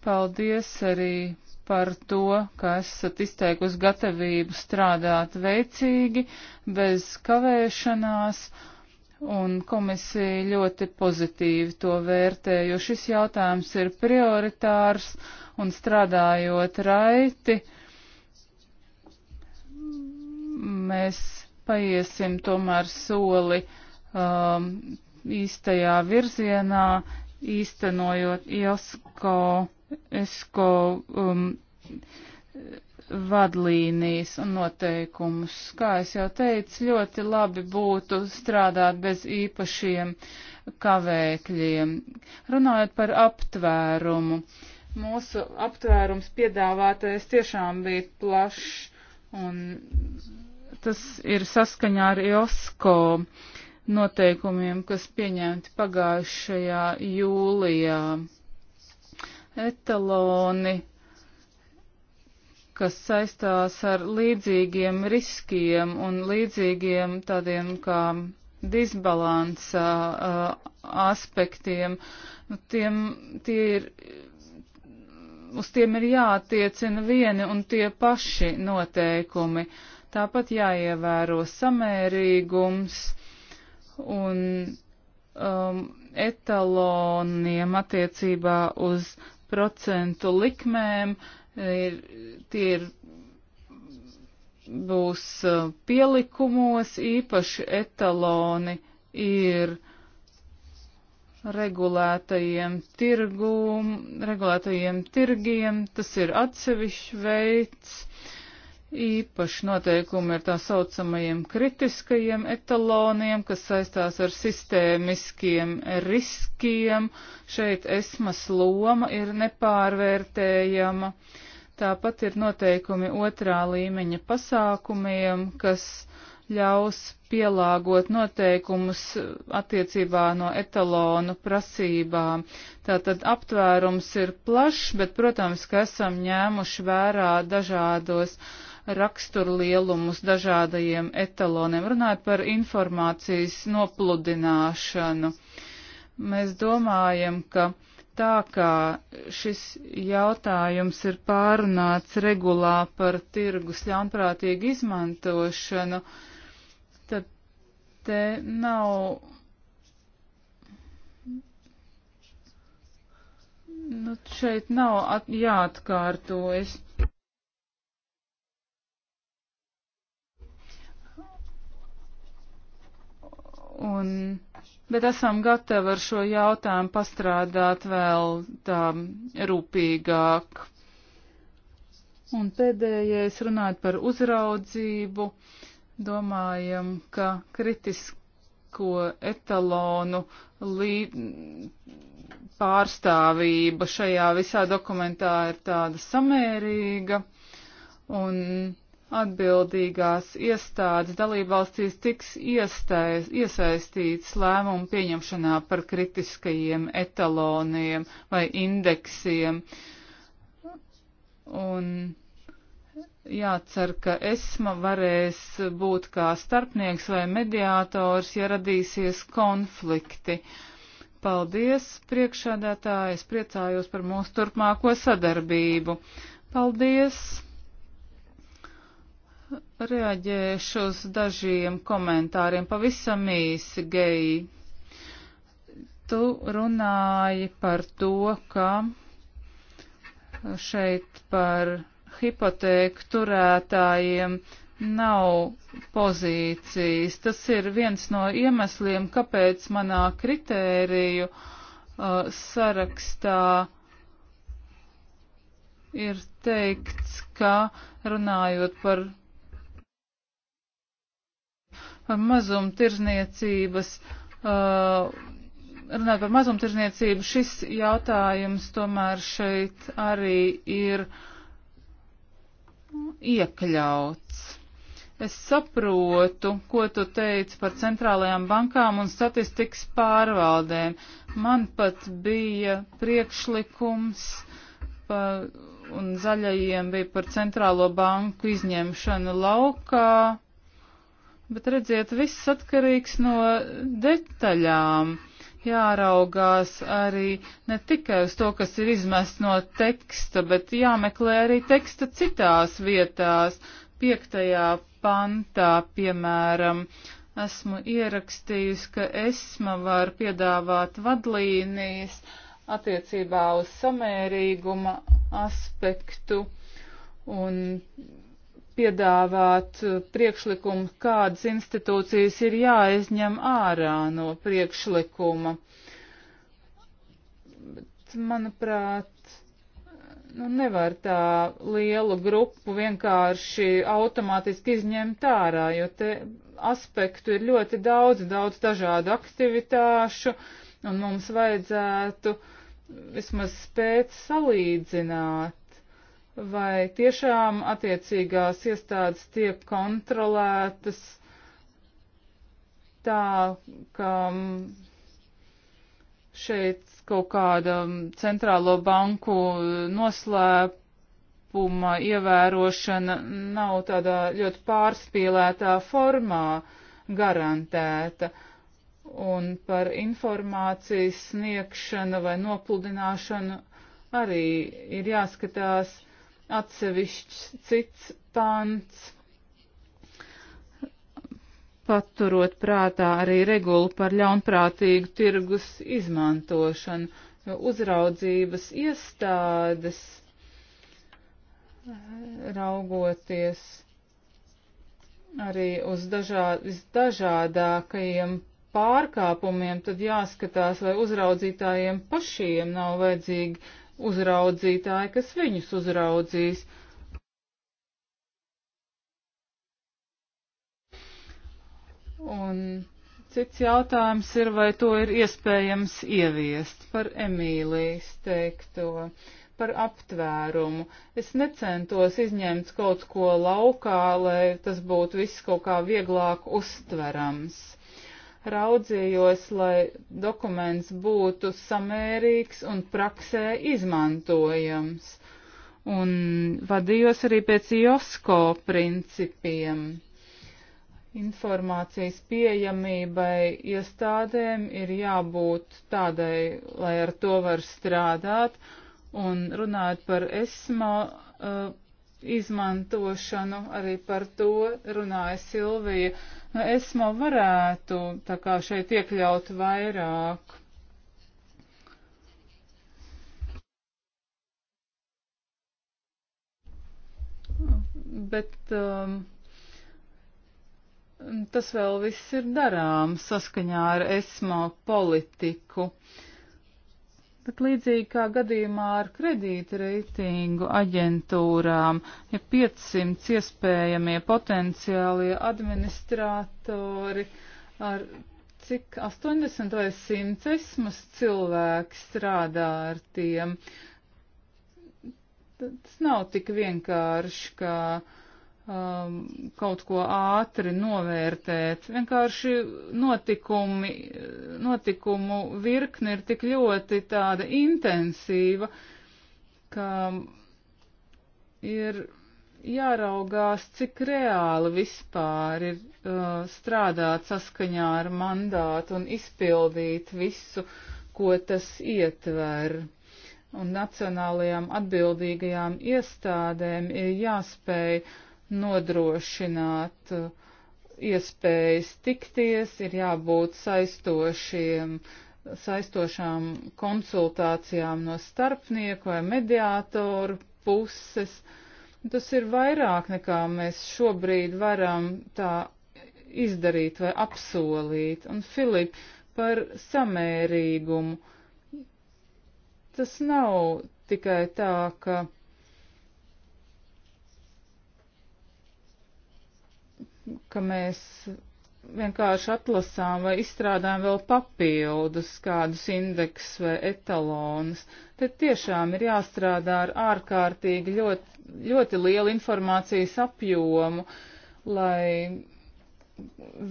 Paldies arī par to, ka esat izteikusi gatavību strādāt veicīgi, bez kavēšanās, un komisija ļoti pozitīvi to vērtē, jo šis jautājums ir prioritārs un strādājot raiti, mēs paiesim tomēr soli um, īstajā virzienā, īstenojot IOSKO ESCO um, vadlīnijas un noteikumus. Kā es jau teicu, ļoti labi būtu strādāt bez īpašiem kavēkļiem. Runājot par aptvērumu, mūsu aptvērums piedāvātais tiešām bija plašs un tas ir saskaņā ar IOSCO noteikumiem, kas pieņemti pagājušajā jūlijā etaloni, kas saistās ar līdzīgiem riskiem un līdzīgiem tādiem kā disbalansa uh, aspektiem, nu, tiem, tie ir, uz tiem ir jātiecina vieni un tie paši noteikumi. Tāpat jāievēro samērīgums un um, etaloniem attiecībā uz procentu likmēm, ir, e, tie ir, būs e, pielikumos, īpaši etaloni ir regulētajiem, tirgum, regulētajiem tirgiem, tas ir atsevišķs veids Īpaši noteikumi ir tā saucamajiem kritiskajiem etaloniem, kas saistās ar sistēmiskiem riskiem. Šeit esmas loma ir nepārvērtējama. Tāpat ir noteikumi otrā līmeņa pasākumiem, kas ļaus pielāgot noteikumus attiecībā no etalonu prasībām. Tātad aptvērums ir plašs, bet, protams, ka esam ņēmuši vērā dažādos uh, raksturlielumus dažādajiem etaloniem, runājot par informācijas nopludināšanu. Mēs domājam, ka tā kā šis jautājums ir pārunāts regulā par tirgus ļaunprātīgu izmantošanu, tad te nav. Nu, šeit nav at, jāatkārtojas. Un, bet esam gatavi ar šo jautājumu pastrādāt vēl tā rūpīgāk. Un pēdējais runāt par uzraudzību. Domājam, ka kritisko etalonu līd pārstāvība šajā visā dokumentā ir tāda samērīga. Un atbildīgās iestādes dalībvalstīs tiks iestais, iesaistīts lēmumu pieņemšanā par kritiskajiem etaloniem vai indeksiem. Un jācer, ka esma varēs būt kā starpnieks vai mediātors, ja radīsies konflikti. Paldies, priekšādātāji, es priecājos par mūsu turpmāko sadarbību. Paldies! Reaģēšu uz dažiem komentāriem pavisam īsi, Geji. Tu runāji par to, ka šeit par hipotēku turētājiem nav pozīcijas. Tas ir viens no iemesliem, kāpēc manā kritēriju uh, sarakstā ir teikts, ka runājot par mazumtirzniecības, runājot par mazumtirzniecību, šis jautājums tomēr šeit arī ir iekļauts. Es saprotu, ko tu teici par centrālajām bankām un statistikas pārvaldēm. Man pat bija priekšlikums pa, un zaļajiem bija par centrālo banku izņemšanu laukā Bet redziet, viss atkarīgs no detaļām. Jāraugās arī ne tikai uz to, kas ir izmests no teksta, bet jāmeklē arī teksta citās vietās. Piektajā pantā, piemēram, esmu ierakstījusi, ka esma var piedāvāt vadlīnijas attiecībā uz samērīguma aspektu un piedāvāt uh, priekšlikumu, kādas institūcijas ir jāizņem ārā no priekšlikuma. Bet, manuprāt, nu, nevar tā lielu grupu vienkārši automātiski izņemt ārā, jo te aspektu ir ļoti daudz, daudz dažādu aktivitāšu, un mums vajadzētu vismaz spēt salīdzināt vai tiešām attiecīgās iestādes tiek kontrolētas tā, ka mm, šeit kaut kāda mm, centrālo banku noslēpuma ievērošana nav tādā ļoti pārspīlētā formā garantēta. Un par informācijas sniegšanu vai nopludināšanu arī ir jāskatās atsevišķs cits pants, paturot prātā arī regulu par ļaunprātīgu tirgus izmantošanu, jo uzraudzības iestādes raugoties arī uz dažād, visdažādākajiem pārkāpumiem, tad jāskatās, vai uzraudzītājiem pašiem nav vajadzīgi uzraudzītāji, kas viņus uzraudzīs. Un cits jautājums ir, vai to ir iespējams ieviest par Emīlijas teikto, par aptvērumu. Es necentos izņemt kaut ko laukā, lai tas būtu viss kaut kā vieglāk uztverams raudzījos, lai dokuments būtu samērīgs un praksē izmantojams. Un vadījos arī pēc JOSKO principiem. Informācijas pieejamībai iestādēm ir jābūt tādai, lai ar to var strādāt, un runājot par ESMO uh, izmantošanu, arī par to runāja Silvija Nu, esmu varētu tā kā šeit iekļaut vairāk. Bet um, tas vēl viss ir darāms saskaņā ar esmo politiku. Uh, Bet līdzīgi kā gadījumā ar kredītreitingu aģentūrām, ja 500 iespējamie potenciālie administratori ar cik 80 vai 100 esmas cilvēki strādā ar tiem, tas nav tik vienkārši, kā. Ka um, kaut ko ātri novērtēt. Vienkārši notikumi, notikumu virkni ir tik ļoti tāda intensīva, ka ir jāraugās, cik reāli vispār ir uh, strādāt saskaņā ar mandātu un izpildīt visu, ko tas ietver. Un nacionālajām atbildīgajām iestādēm ir jāspēj uh, nodrošināt uh, iespējas tikties, ir jābūt saistošiem, saistošām konsultācijām no starpnieku vai mediātoru puses. Tas ir vairāk nekā mēs šobrīd varam tā izdarīt vai apsolīt. Un Filip par samērīgumu. Tas nav tikai tā, ka ka mēs vienkārši atlasām vai izstrādājam vēl papildus kādus indeks vai etalonus, tad tiešām ir jāstrādā ar ārkārtīgi ļoti, ļoti lielu informācijas apjomu, lai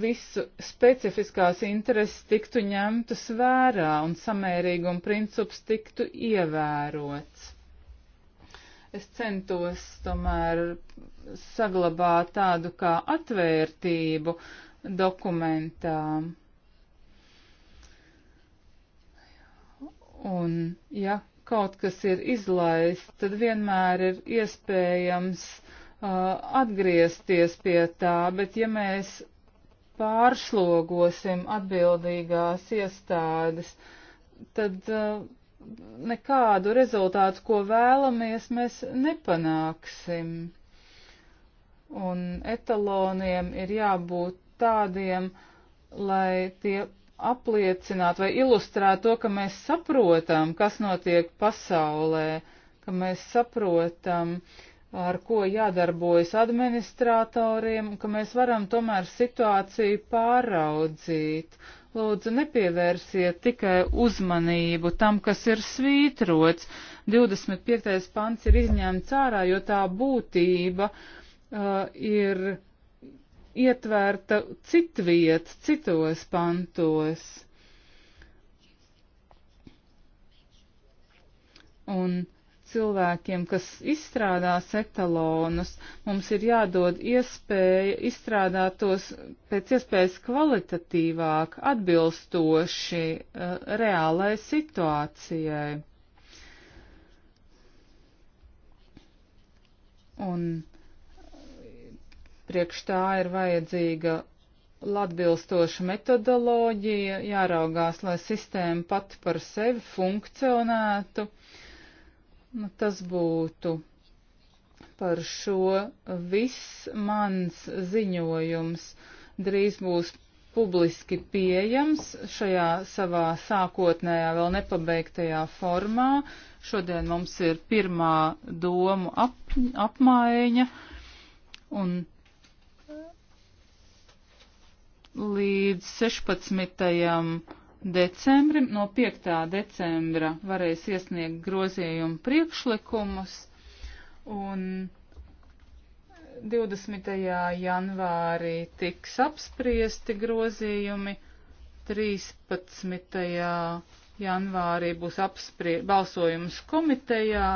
visu specifiskās intereses tiktu ņemtas vērā un samērīguma princips tiktu ievērots es centos tomēr saglabāt tādu kā atvērtību dokumentā. Un, ja kaut kas ir izlaists, tad vienmēr ir iespējams uh, atgriezties pie tā, bet ja mēs pārslogosim atbildīgās iestādes, tad uh, nekādu rezultātu, ko vēlamies, mēs nepanāksim. Un etaloniem ir jābūt tādiem, lai tie apliecinātu vai ilustrētu to, ka mēs saprotam, kas notiek pasaulē, ka mēs saprotam, ar ko jādarbojas administratoriem, ka mēs varam tomēr situāciju pāraudzīt Lūdzu, nepievērsiet tikai uzmanību tam, kas ir svītrots. 25. pants ir izņemts ārā, jo tā būtība uh, ir ietvērta citviet, citos pantos. Un cilvēkiem, kas izstrādās etalonus, mums ir jādod iespēja izstrādāt tos pēc iespējas kvalitatīvāk, atbilstoši uh, reālai situācijai. Un priekš tā ir vajadzīga atbilstoša metodoloģija, jāraugās, lai sistēma pati par sevi funkcionētu. Uh, Nu, tas būtu par šo viss mans ziņojums. Drīz būs publiski pieejams šajā savā sākotnējā, vēl nepabeigtajā formā. Šodien mums ir pirmā domu ap, apmaiņa un līdz 16 decembrim. No 5. decembra varēs iesniegt grozījumu priekšlikumus un 20. janvārī tiks apspriesti grozījumi, 13. janvārī būs apsprie, balsojums komitejā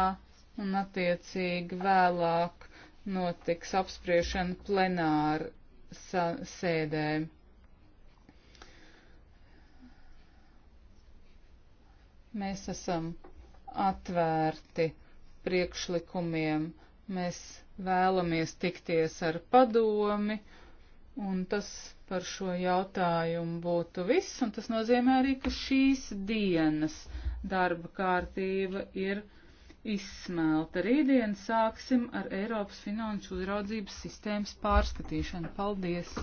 un attiecīgi vēlāk notiks apspriešana plenāra sēdēm. Mēs esam atvērti priekšlikumiem, mēs vēlamies tikties ar padomi, un tas par šo jautājumu būtu viss, un tas nozīmē arī, ka šīs dienas darba kārtība ir izsmelta. Rītdien sāksim ar Eiropas finanšu uzraudzības sistēmas pārskatīšanu. Paldies!